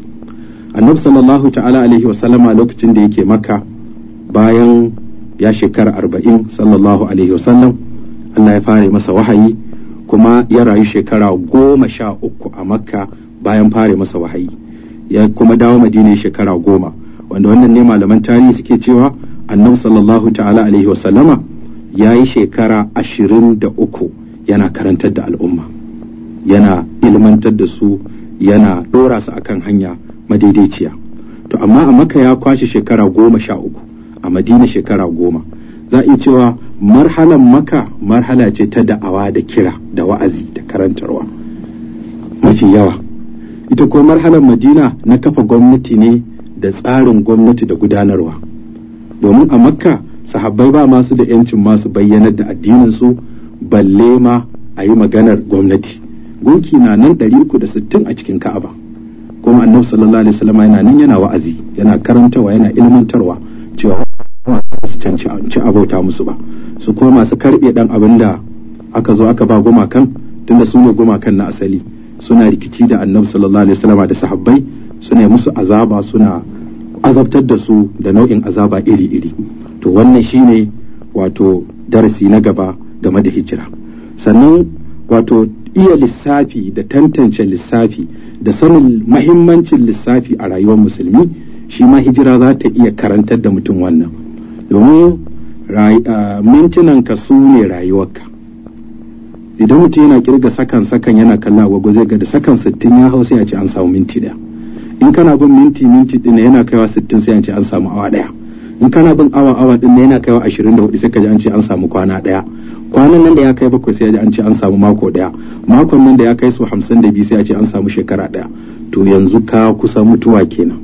annabi sallallahu ta'ala alaihi wa sallama lokacin da yake makka bayan ya shekara arba'in sallallahu alaihi wa sallam Allah ya fare masa wahayi kuma ya rayu shekara goma sha uku a makka bayan fare masa wahayi ya kuma dawo madina shekara goma wanda wannan ne malaman tarihi suke cewa annabi sallallahu ta'ala alaihi wa sallama ya yi shekara ashirin da uku yana karantar da al'umma yana ilmantar da su yana ɗora su akan hanya madaidaiciya to amma a maka ya kwashe shekara goma sha uku a madina shekara goma za a cewa marhalan maka marhala ce ta da'awa da kira da wa'azi da karantarwa mafi yawa ita ko marhalan madina na kafa gwamnati ne da tsarin gwamnati da gudanarwa domin a makka sahabbai ba masu da yancin masu bayyanar da addinin su balle ma a yi maganar gwamnati gunki na nan 360 a cikin ka'aba kuma annabi sallallahu alaihi wasallam yana nan yana wa'azi yana karantawa yana ilmantarwa cewa su ci abota musu ba su kuma masu karbe dan abin da aka zo aka ba gumakan tunda su ne gumakan na asali suna rikici da annabi sallallahu alaihi wasallam da sahabbai suna musu azaba suna azabtar da su da nau'in azaba iri-iri to wannan shine wato darasi na gaba game da hijira sannan wato iya lissafi da tantance lissafi da sanin mahimmancin lissafi a rayuwar musulmi shi ma hijira za ta iya karantar da mutum wannan domin mintunanka su ne rayuwarka idan mutum yana kirga sakan sakan yana kalla agogo zai ga da sakan sittin ya hau sai a ce an samu minti da in kana bin minti minti din yana kaiwa 60 sai an ce an samu awa daya in kana bin awa awa din yana kaiwa 24 sai ka ji an ce an samu kwana daya kwanan nan da ya kai bakwai sai ya ji an ce an samu mako daya makon nan da ya kai su 52 sai ya ce an samu shekara daya to yanzu ka kusa mutuwa kenan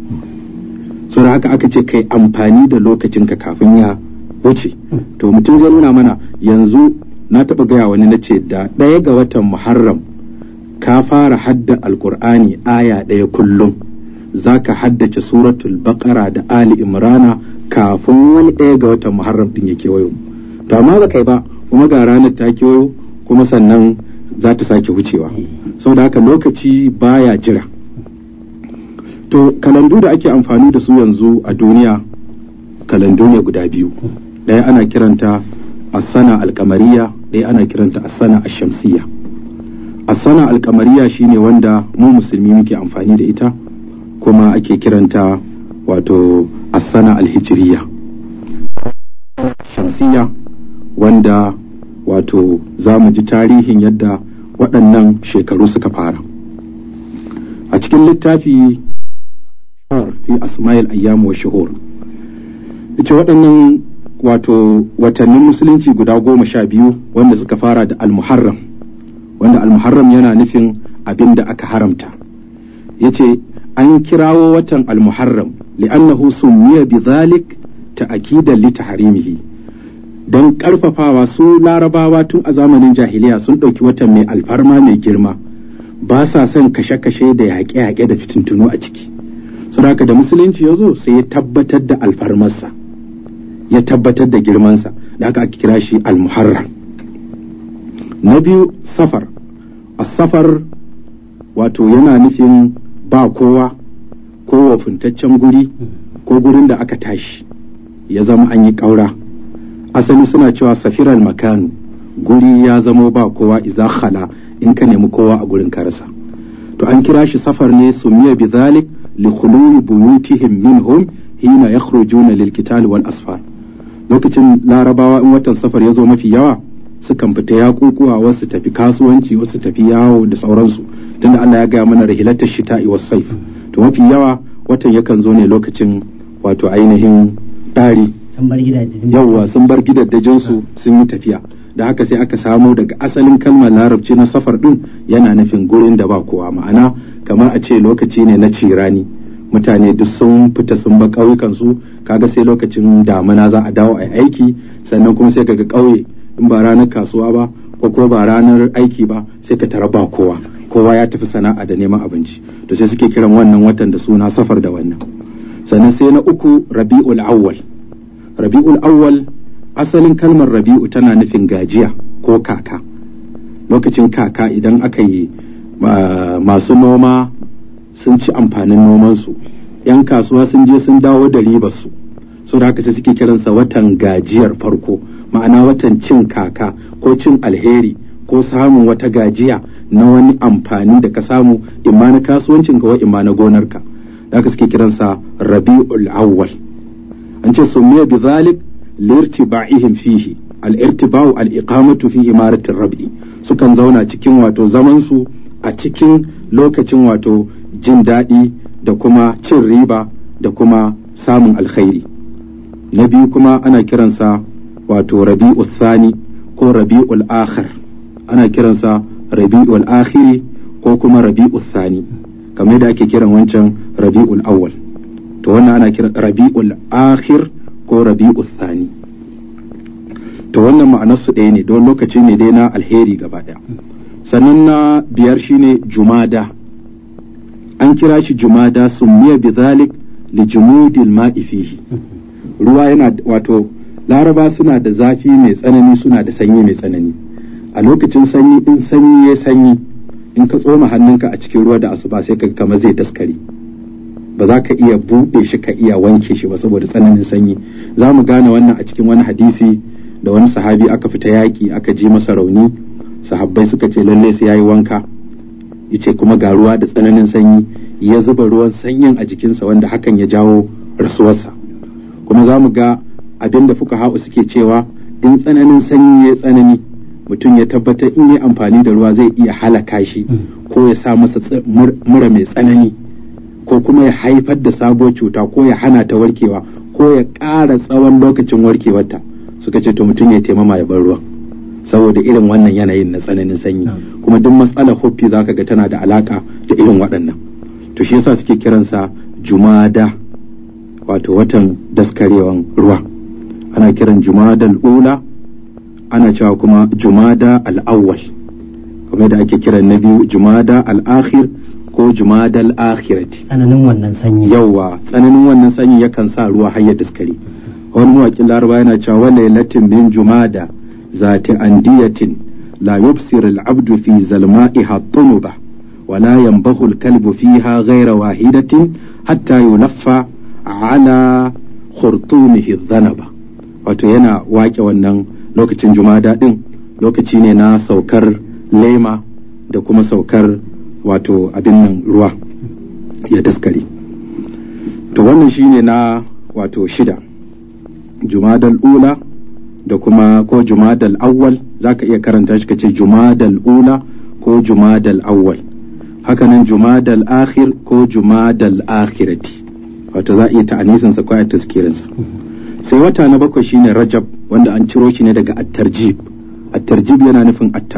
so haka aka ce kai amfani da lokacinka kafin ya wuce to mutum zai nuna mana yanzu na taɓa gaya wani na ce da ɗaya ga watan muharram ka fara hadda alkur'ani aya ɗaya kullum za ka haddace suratul baqara da ali imrana kafin wani ɗaya ga watan muharram ɗin ya kewayo to amma ba kai ba kuma ga ranar ta kewayo kuma sannan za ta sake wucewa da haka lokaci baya jira to kalandu da ake amfani da su yanzu a duniya kalandu ne guda biyu ɗaya ana kiranta asana alkamariya ɗaya ana kiranta asana ashamsiya asana alkamariya shine wanda mu musulmi muke amfani da ita kuma ake kiranta wato asana alhijiriya shamsiya wanda wato za mu ji tarihin yadda waɗannan shekaru suka fara a cikin littafi fi asma'il ayyam wa shuhur ita waɗannan wato watannin musulunci guda goma sha biyu wanda suka fara da almuharram wanda almuharram yana nufin abin da aka haramta ya ce an kirawo watan almuharram li'annahu bi zalik ta'kidan li tahrimihi don karfafawa su larabawa tun a zamanin jahiliya sun ɗauki watan mai alfarma mai girma ba sa son kashe-kashe da yaƙe-yaƙe da fitintunu a ciki saboda da musulunci ya zo sai ya tabbatar da alfarmarsa ya tabbatar da girmansa da aka kira shi almuharram na biyu safar a safar wato yana nufin ba kowa ko wafuntaccen guri ko gurin da aka tashi ya zama an yi ƙaura asali suna cewa safiral makanu guri ya zamo ba kowa iza khala in ka nemi kowa a gurin rasa. to an kira shi safar ne miya bi zalik li khuluwi buyutihim minhum hina yakhrujuna lil qital wal asfar lokacin larabawa in watan safar ya zo mafi yawa sukan fita yakukuwa wasu tafi kasuwanci wasu tafi yawo da sauransu tunda Allah ya gaya mana rahilatar shita ta saif to mafi yawa watan yakan zo ne lokacin wato ainihin ɗari yawwa sun bar gidajen su sun yi tafiya da haka sai aka samu daga asalin kalmar larabci na safar din yana nufin gurin da ba kowa ma'ana kamar a ce lokaci ne na cirani mutane duk sun fita sun ba su kaga sai lokacin damina za a dawo a aiki sannan kuma sai kaga ƙauye in ba ranar kasuwa ba ko kuma ba ranar aiki ba sai ka tara ba kowa kowa ya tafi sana'a da neman abinci to sai suke kiran wannan watan da suna safar da wannan sannan sai na uku rabi'ul awwal rabi'ul awwal asalin kalmar rabi'u tana nufin gajiya ko kaka lokacin kaka idan aka yi masu noma sun ci amfanin nomansu yan kasuwa sun je sun dawo da ribarsu su da haka sai suke kiransa watan gajiyar farko ma'ana watan cin kaka ko cin alheri ko samun wata gajiya na wani amfani da ka samu imma na kasuwancin ka wa imma na gonarka da aka suke kiransa rabi'ul awwal an ce sumiya bi zalik lirtiba'ihim fihi al-irtiba'u al-iqamatu fi imarati rabi sukan zauna cikin wato zaman su a cikin lokacin wato jin daɗi da kuma cin riba da kuma samun alkhairi na biyu kuma ana kiransa wato rabi'u thani ko rabi'ul akhir ana kiransa rabi'ul akhiri ko kuma rabi'u thani kamar da ake kiran wancan rabi'ul awwal to wannan ana kiran rabi'ul akhir ko rabi'u thani to wannan ma'anar su ɗaya ne don lokaci ne dai na alheri gaba ɗaya sannan na biyar shine jumada an kira shi jumada sumiya bi zalik li jumudil ma'i fihi ruwa yana wato laraba suna da zafi mai tsanani suna da sanyi mai tsanani a lokacin sanyi in sanyi ya sanyi in ka tsoma hannunka a cikin ruwa da asuba sai ka kama zai daskare ba za ka iya buɗe shi ka iya wanke shi ba saboda tsananin sanyi za mu gane wannan a cikin wani hadisi da wani sahabi aka fita yaƙi aka ji masa rauni sahabbai suka ce lallai sai yayi wanka yace kuma ga ruwa da tsananin sanyi ya zuba ruwan sanyin a jikinsa wanda hakan ya jawo rasuwarsa kuma za mu ga abinda fuka ha'u suke cewa in tsananin sanyi ya tsanani mutum ya tabbatar in yi amfani da ruwa zai iya halaka shi hmm. ko ya sa masa mura mai tsanani ko kuma ya haifar da sabuwar cuta ko ya hana ta warkewa ko ya ƙara tsawon lokacin warkewarta suka ce to mutum ya taimama ya bar ruwa. saboda irin wannan yanayin na tsananin sanyi hmm. kuma duk matsalar hoppi zaka ga tana da alaka da irin waɗannan to shi yasa suke kiransa jumada wato watan daskarewan ruwa ana kiran jumada al'ula ana cewa kuma jumada al'awwal kamar da ake kiran na biyu jumada al'akhir ko jumada al'akhirati tsananin wannan sanyi yawa tsananin wannan sanyi yakan sa ruwa har ya diskare wani mawakin laraba yana cewa lailatin bin jumada zati andiyatin la yubsir al'abdu fi iha tunuba ولا ينبغ الكلب فيها غير واحدة حتى يلفى على خرطومه الذنب wato yana wake wannan lokacin juma din lokaci ne na saukar lema da kuma saukar wato abin nan ruwa ya daskare to wannan shine na wato shida jumadal ula da kuma ko jumadal awwal zaka iya karanta shi ka ce juma ula ko juma awwal hakanan juma akhir ko juma akhirati wato za a iya ta'anisinsa ko a taskirinsa sai wata na bakwai shine rajab wanda an ciro shi ne daga at-tarjib yana nufin at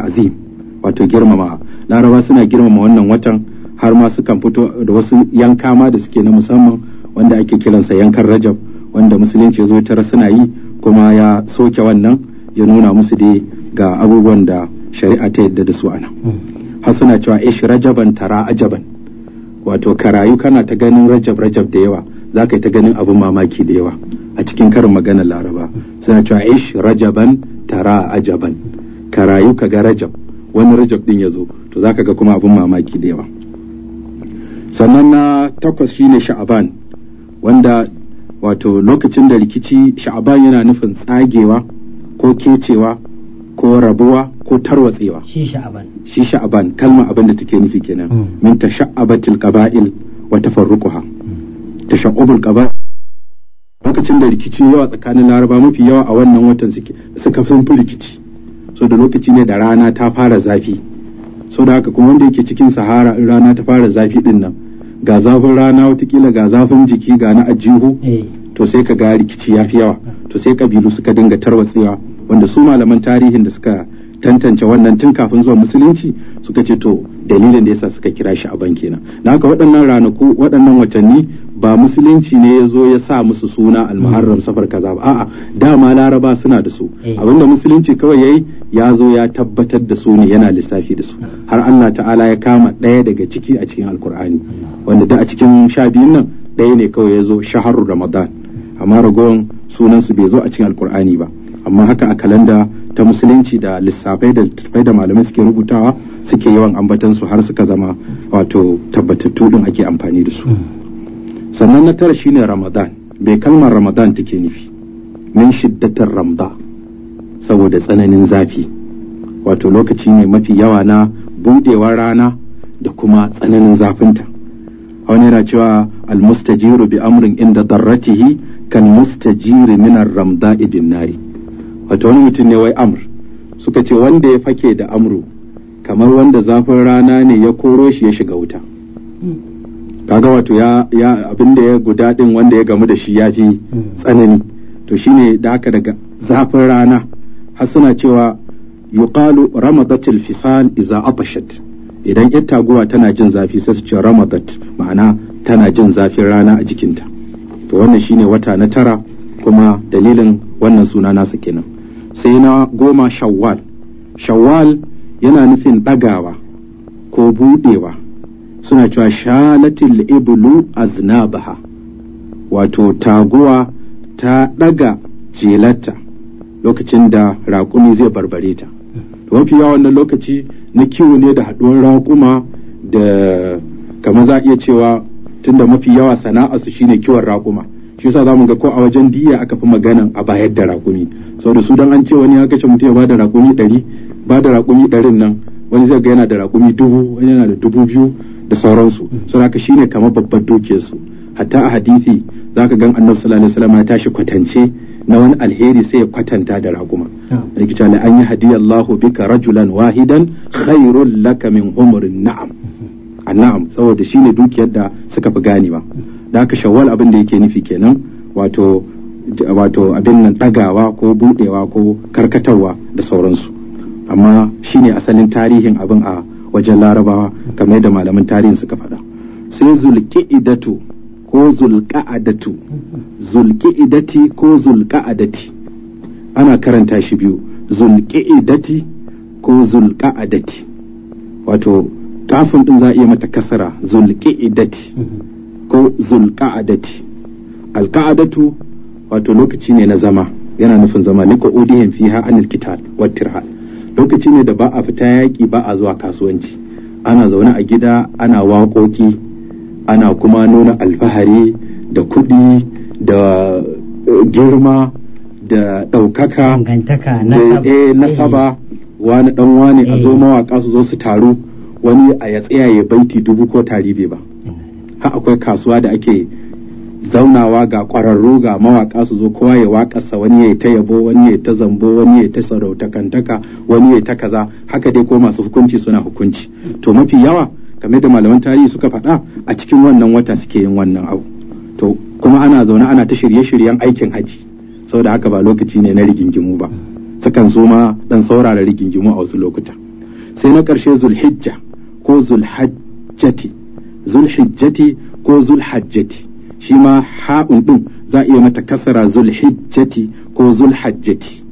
wato girmama laraba suna girmama wannan watan har ma sukan fito da wasu yanka ma da suke na musamman wanda ake kiransa yankan rajab wanda musulunci zo tara suna yi kuma ya soke wannan ya nuna musu dai ga abubuwan da shari'a ta yadda da su ana hmm. har suna cewa ish rajaban tara ajaban wato karayu kana ta ganin rajab rajab da yawa za ka yi ta ganin abin mamaki da yawa a cikin karin magana laraba suna cewa ish rajaban tara ajaban ka rayu ka ga rajab wani rajab din ya zo to za ka ga kuma abin mamaki da yawa sannan na takwas shine sha'aban wanda wato lokacin da rikici sha'aban yana nufin tsagewa ko kecewa ko rabuwa ko tarwatsewa shi sha'aban shi sha'aban kalma abin da take nufi kenan hmm. min tasha'abatil qaba'il wa tafarruquha tashaqqubul ƙaba lokacin da rikici yawa tsakanin laraba mafi yawa a wannan watan suka sun fi rikici so da lokaci ne da rana ta fara zafi so da haka kuma wanda yake cikin sahara in rana ta fara zafi din nan ga zafin rana watakila ga zafin jiki ga na ajihu eh. to sai ka ga rikici ya fi yawa to sai kabilu suka dinga tarwatsewa wanda su malaman tarihin da suka tantance wannan tun kafin zuwa musulunci suka ce to dalilin da yasa suka kira shi a banki na haka waɗannan ranaku waɗannan watanni ba musulunci ne ya zo ya sa musu suna almuharram safar kaza ba a'a dama laraba suna da su eh. abinda musulunci kawai yayi ya zo ya tabbatar da su ne yana lissafi da su eh. har Allah ta'ala ya kama ɗaya daga ciki a cikin alkur'ani wanda da a cikin sha biyun nan ɗaya ne kawai ya zo shaharu ramadan amma ragowar sunan su bai zo a cikin alkur'ani ba amma haka a kalanda ta musulunci da lissafai da tafai da malamai suke rubutawa suke yawan ambatan su har suka zama wato tabbatattu din ake amfani da su hmm. sannan na tara shine ramadan bai kalmar ramadan take nufi min shiddatar ramda saboda tsananin zafi wato lokaci ne mafi yawa na budewar rana da kuma tsananin zafinta wani yana cewa almustajiru bi amrin inda darratihi kan mustajiri minar ramda ibin nari wato wani mutum ne wai amr suka ce wanda ya fake da amru kamar wanda zafin rana ne ya koro shi ya shiga wuta hmm. kaga wato ya ya abin da ya guda din wanda ya gamu da shi ya fi tsanani to shine da haka daga zafin rana har suna cewa yuqalu ramadatil fisal iza atashat idan yar taguwa tana jin zafi sai su ce ramadat ma'ana tana jin zafin rana a jikinta to wannan shine wata na tara kuma dalilin wannan suna nasu kenan sai na goma shawwal shawwal yana nufin dagawa ko buɗewa suna cewa shalatil iblu aznabaha wato taguwa ta ɗaga jelata lokacin da raƙumi zai barbare ta mafi yawan wannan lokaci na kiwo ne da haɗuwar raƙuma da kamar za a iya cewa tunda mafi yawa sana'a su shine kiwon raƙuma shi yasa zamu ga ko a wajen diya aka fi maganan a bayar da raƙumi saboda su dan an ce wani ya kashe mutum ya bada raƙumi ɗari bada raƙumi ɗarin nan wani zai ga yana da raƙumi dubu wani yana da dubu biyu da sauransu sun haka shine kamar babbar dukiyarsu hatta a hadisi zaka gan annabi sallallahu alaihi wasallam ya tashi kwatance na wani alheri sai ya kwatanta da raguma yake cewa la an yi hadiyallahu bika rajulan wahidan khairul laka min umrin na'am mm-hmm. annam saboda shine dukiyar da suka fi ganewa da haka shawwal abin da yake nufi kenan wato wato abin nan dagawa ko budewa ko karkatarwa da sauransu amma shine asalin tarihin abin a wajen larabawa kamar yadda malaman tarihin suka faɗa sai idatu ko zulki idati ko adati ana karanta shi biyu idati ko adati wato kafin din za a iya mata kasara idati ko adati alka'adatu wato lokaci ne na zama yana nufin zama ni ko odiyan fiha anil kital wa tirhal lokaci ne da ba a fita yaƙi ba a zuwa kasuwanci ana zaune a gida ana waƙoƙi ana kuma nuna alfahari da kuɗi da eh, girma da ɗaukaka da eh, eh, nasaba wani ɗan wani a zo mawaƙa su zo su taru wani a ya tsaya ya baiti dubu ko tarihi ba mm. ha akwai kasuwa da ake zaunawa ga ƙwararru ga mawaƙa su zo kowa ya waƙarsa wani ya ta yabo wani ya ta zambo wani ya ta sarautakantaka wani ya ta kaza haka dai ko masu hukunci suna hukunci to mafi yawa game da malaman tarihi suka faɗa a cikin wannan wata suke yin wannan abu to kuma ana zaune ana ta shirye-shiryen aikin haji saboda haka ba lokaci ne na rigingimu ba sukan zo ma dan saurara rigingimu a wasu lokuta sai na ƙarshe zulhijja ko zulhajjati zulhijjati ko zulhajjati shi ma ha'un din za a iya mata kasara zulhijjati ko zulhajjati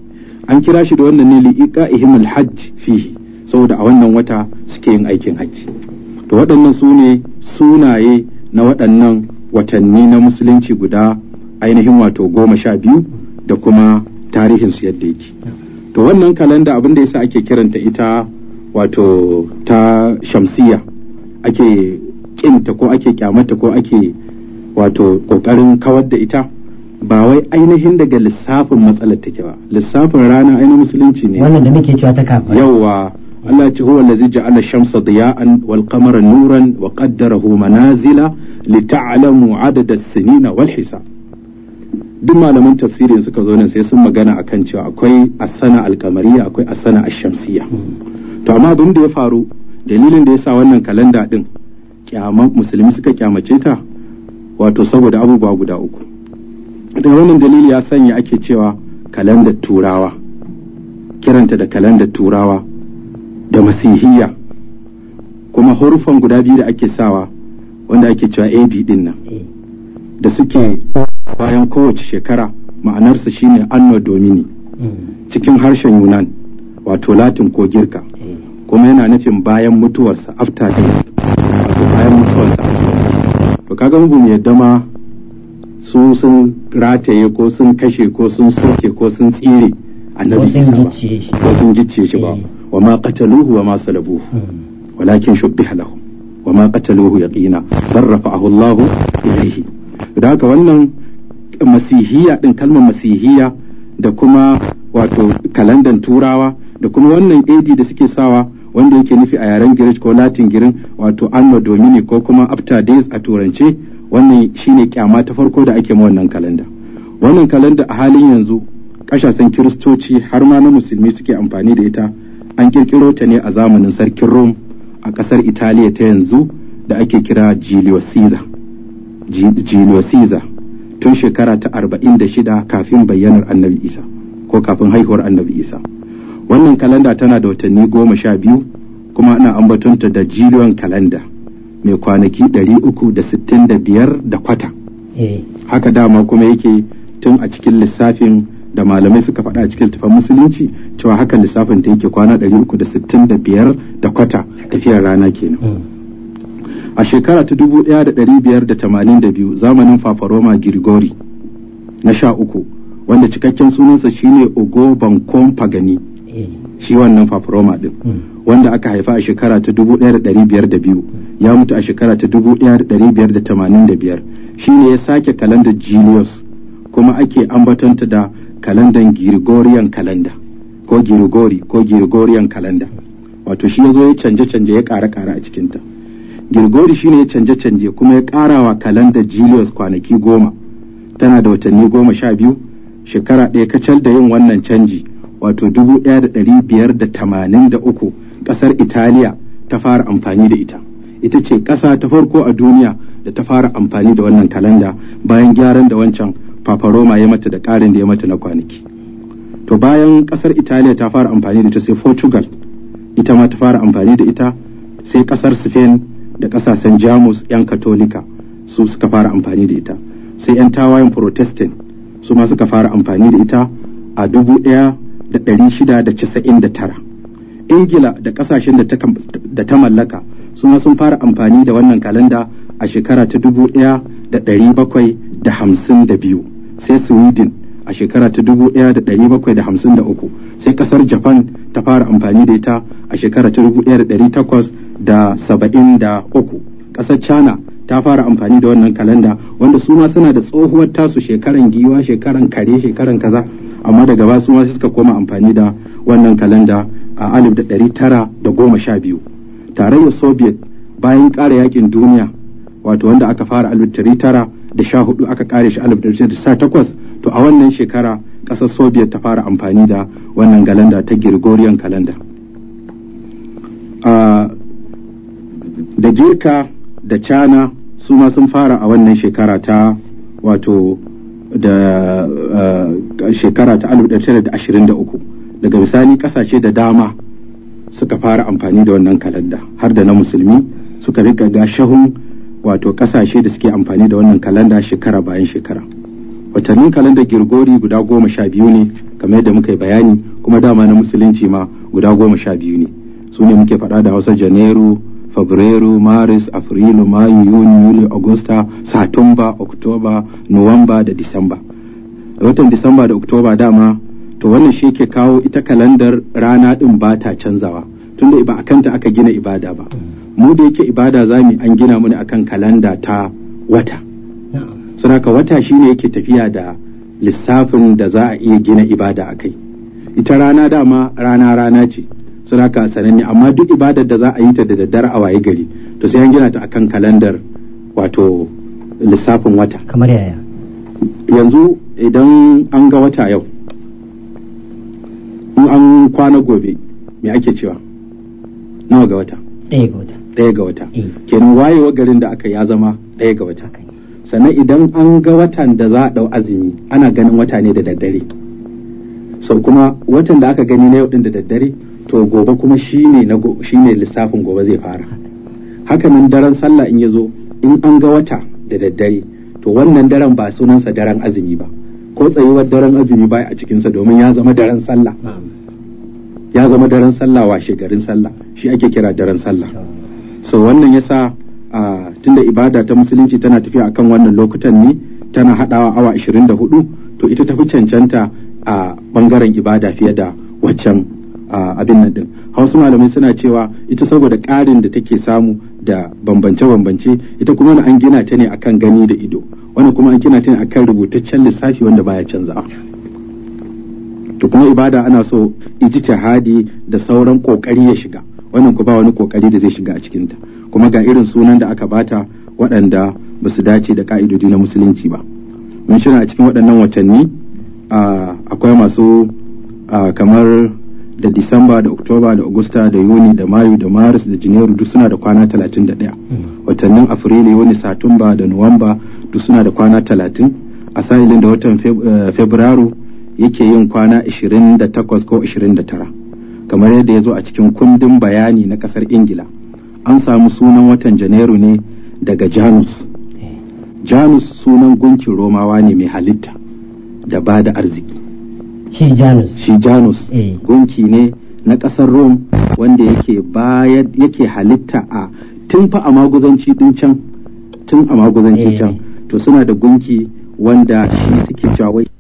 an kira shi da wannan ne li'iqa'ihim hajj fihi saboda a wannan wata suke yin aikin hajji to waɗannan su ne sunaye na waɗannan watanni na musulunci guda ainihin wato goma sha biyu da kuma tarihinsu yadda yake to wannan kalanda abin da yasa ake kiranta ita wato ta shamsiya ake kinta ko ake kyamata ko ake wato kokarin kawar da ita ba wai ainihin daga lissafin matsalar take ba lissafin rana ainihin musulunci ne wannan da muke cewa ta kafa yawa Allah ce huwa allazi ja'ala shamsa diya'an wal qamara nuran wa qaddarahu manazila lita'lamu adada as-sinina wal hisab duk malaman tafsirin suka zo nan sai sun magana akan cewa akwai asana alkamariya akwai asana shamsiyya to amma abin da ya faru dalilin da yasa wannan kalanda din kyamar musulmi suka kyamace ta wato saboda abubuwa guda uku daga wannan dalili ya sanya ake cewa kalandar turawa kiranta da kalandar turawa da masihiyya kuma hurufan guda biyu da ake sawa wanda ake cewa AD din nan da suke bayan kowace shekara ma'anarsa shine anno domini mm. cikin harshen yunan wato latin ko girka kuma yana nufin bayan mutuwarsa after death kaga mu mu yadda ma su sun rataye ko sun kashe ko sun soke ko sun tsire annabi isa ba ko sun gicce shi ba eh. wa ma qataluhu wa ma salabuhu hmm. walakin shubbiha lahum wa ma qataluhu yaqina bar rafa'ahu allahu ilayhi da haka wannan masihiya din kalmar masihiya da kuma wato kalandan turawa da kuma wannan AD da suke sawa wanda yake nufi a yaren girish ko Latin girin wato Anno Domini ko kuma after days a turance wannan shine kyama ta farko da ake ma wannan kalanda wannan kalanda a halin yanzu kashasan kiristoci har ma na musulmi suke amfani da ita an kirkiro ta ne a zamanin sarkin Rome a kasar Italiya ta yanzu da ake kira Julius tun shekara ta 46 kafin bayyanar Annabi Isa ko kafin haihuwar Annabi Isa wannan kalanda tana da watanni goma sha biyu kuma ana ambatonta da jiliyon kalanda mai kwanaki dari uku da sittin da biyar da kwata eh. haka dama kuma yake tun a cikin lissafin da malamai suka faɗa a cikin tufan musulunci cewa haka lissafin ta yake kwana 365 da kwata tafiyar rana kenan hmm. a shekara ta 1582 zamanin fafaroma girgori na sha uku wanda cikakken sunansa shine ogo Bankon pagani shi wannan faforoma din wanda aka haifa a shekara ta 1502 ya mutu a shekara ta 1585 shi ne ya sake kalandar julius kuma ake ambatanta da kalandar gregorian kalanda ko grigori ko gregorian kalanda wato shi ya zo ya canje-canje ya kara kara a cikinta girgori shi ne ya canje-canje kuma ya ƙara wa kalandar julius kwanaki goma tana da watanni goma sha biyu shekara ɗaya kacal da yin wannan canji wato da uku ƙasar italiya ta fara amfani da ita ita ce ƙasa ta farko a duniya da ta fara amfani da wannan kalanda bayan gyaran da wancan paparoma ya mata da ƙarin da ya mata na kwanaki to bayan ƙasar italiya ta fara amfani da ita sai portugal ita ma ta fara amfani da ita sai ƙasar spain da ƙasashen jamus 'yan katolika su suka fara amfani da ita sai 'yan tawayen protestant su ma suka fara amfani da ita a dubu ɗaya da ɗari shida da casa'in da tara ingila da ƙasashen da ta mallaka su sun fara amfani da wannan kalanda a shekara ta dubu ɗaya da ɗari bakwai da hamsin da biyu sai sweden a shekara ta dubu ɗaya da ɗari bakwai da hamsin da uku sai ƙasar japan ta fara amfani da ita a shekara ta dubu ɗaya da ɗari takwas da saba'in da uku ƙasar china ta fara amfani da wannan kalanda wanda suna suna da tsohuwar tasu shekaran giwa shekaran kare shekaran kaza amma daga baya su ma suka koma amfani da wannan kalanda a alif da da goma sha biyu tarayyar soviet bayan ƙara yakin duniya wato wanda aka fara alif da sha aka kare shi alif to a wannan shekara ƙasar soviet ta fara amfani da wannan kalanda ta gregorian kalanda da girka da cana su ma sun fara a wannan shekara ta wato da uh, shekara ta 1923 daga bisani kasashe da dama suka fara amfani da wannan kalanda har da na musulmi suka rika gashahun wato kasashe da suke amfani da wannan kalanda shekara bayan shekara watannin kalandar girgori guda goma sha biyu ne kamar yadda muka yi bayani kuma dama na musulunci ma guda goma sha biyu ne su ne muke faɗa da hausa janairu fabrairu maris afrilu mayu yuni yuli agusta satumba oktoba nuwamba da disamba watan disamba da oktoba dama to wannan shi ke kawo ita kalandar rana din ba ta canzawa tunda ba kanta aka gina ibada ba mu da yake ibada za mu an gina mu ne akan kalanda ta wata sunaka wata shi ne yake tafiya da lissafin da za a iya gina ibada akai ita rana dama rana rana ce suna ka sananne amma duk ibadar da za a yi ta da daddare a waye gari to sai an gina ta akan kalandar wato lissafin wata kamar yaya yanzu idan an ga wata yau in an kwana gobe me ake cewa nawa ga wata ɗaya ga wata ɗaya ga wata eh. kenan wayewa garin da aka ya zama ɗaya ga wata sannan idan an ga watan da za a ɗau azumi ana ganin wata ne da daddare sau kuma watan da aka gani na yau ɗin da daddare to gobe kuma shine na shine lissafin gobe zai fara haka nan daren sallah in yazo in an ga wata da daddare to wannan daren ba sunansa daren azumi ba ko tsayuwar daren azumi ba a cikinsa domin ya zama daren sallah ya zama daren sallah wa shekarun sallah shi ake kira daren sallah so wannan yasa a tunda ibada ta musulunci tana tafiya akan wannan lokutan ne tana hadawa awa 24 to ita tafi cancanta a bangaren ibada fiye da waccan abin nan din hausa malamai suna cewa ita saboda ƙarin da take samu da bambance-bambance ita kuma an gina ta ne akan gani da ido wani kuma an gina ta ne akan rubutaccen lissafi wanda baya canza. to kuma ibada ana so hadi da sauran kokari ya shiga wannan ku ba wani kokari da zai shiga a cikin ta kuma ga irin sunan da aka bata waɗanda ba su dace da ka'idodi na musulunci ba mun shirya a cikin waɗannan watanni akwai masu kamar da disamba da oktoba da agusta da yuni da mayu da maris da janairu duk suna da kwana 31 hmm. watannin afrilu yuni satumba da nuwamba duk suna da kwana 30 a sahilin da watan fabrairu eh, yake yin kwana 28 ko 29 kamar yadda ya zo a cikin kundin bayani na kasar ingila an samu sunan watan janairu ne daga janus hmm. janus sunan gunkin romawa ne mai halitta da ba da arziki shijanus janus eh. gunki ne na ƙasar rom wanda yake bayar yake halitta a tun fa a maguzanci din can tun a maguzanci eh. can to suna da gunki wanda shi suke jawai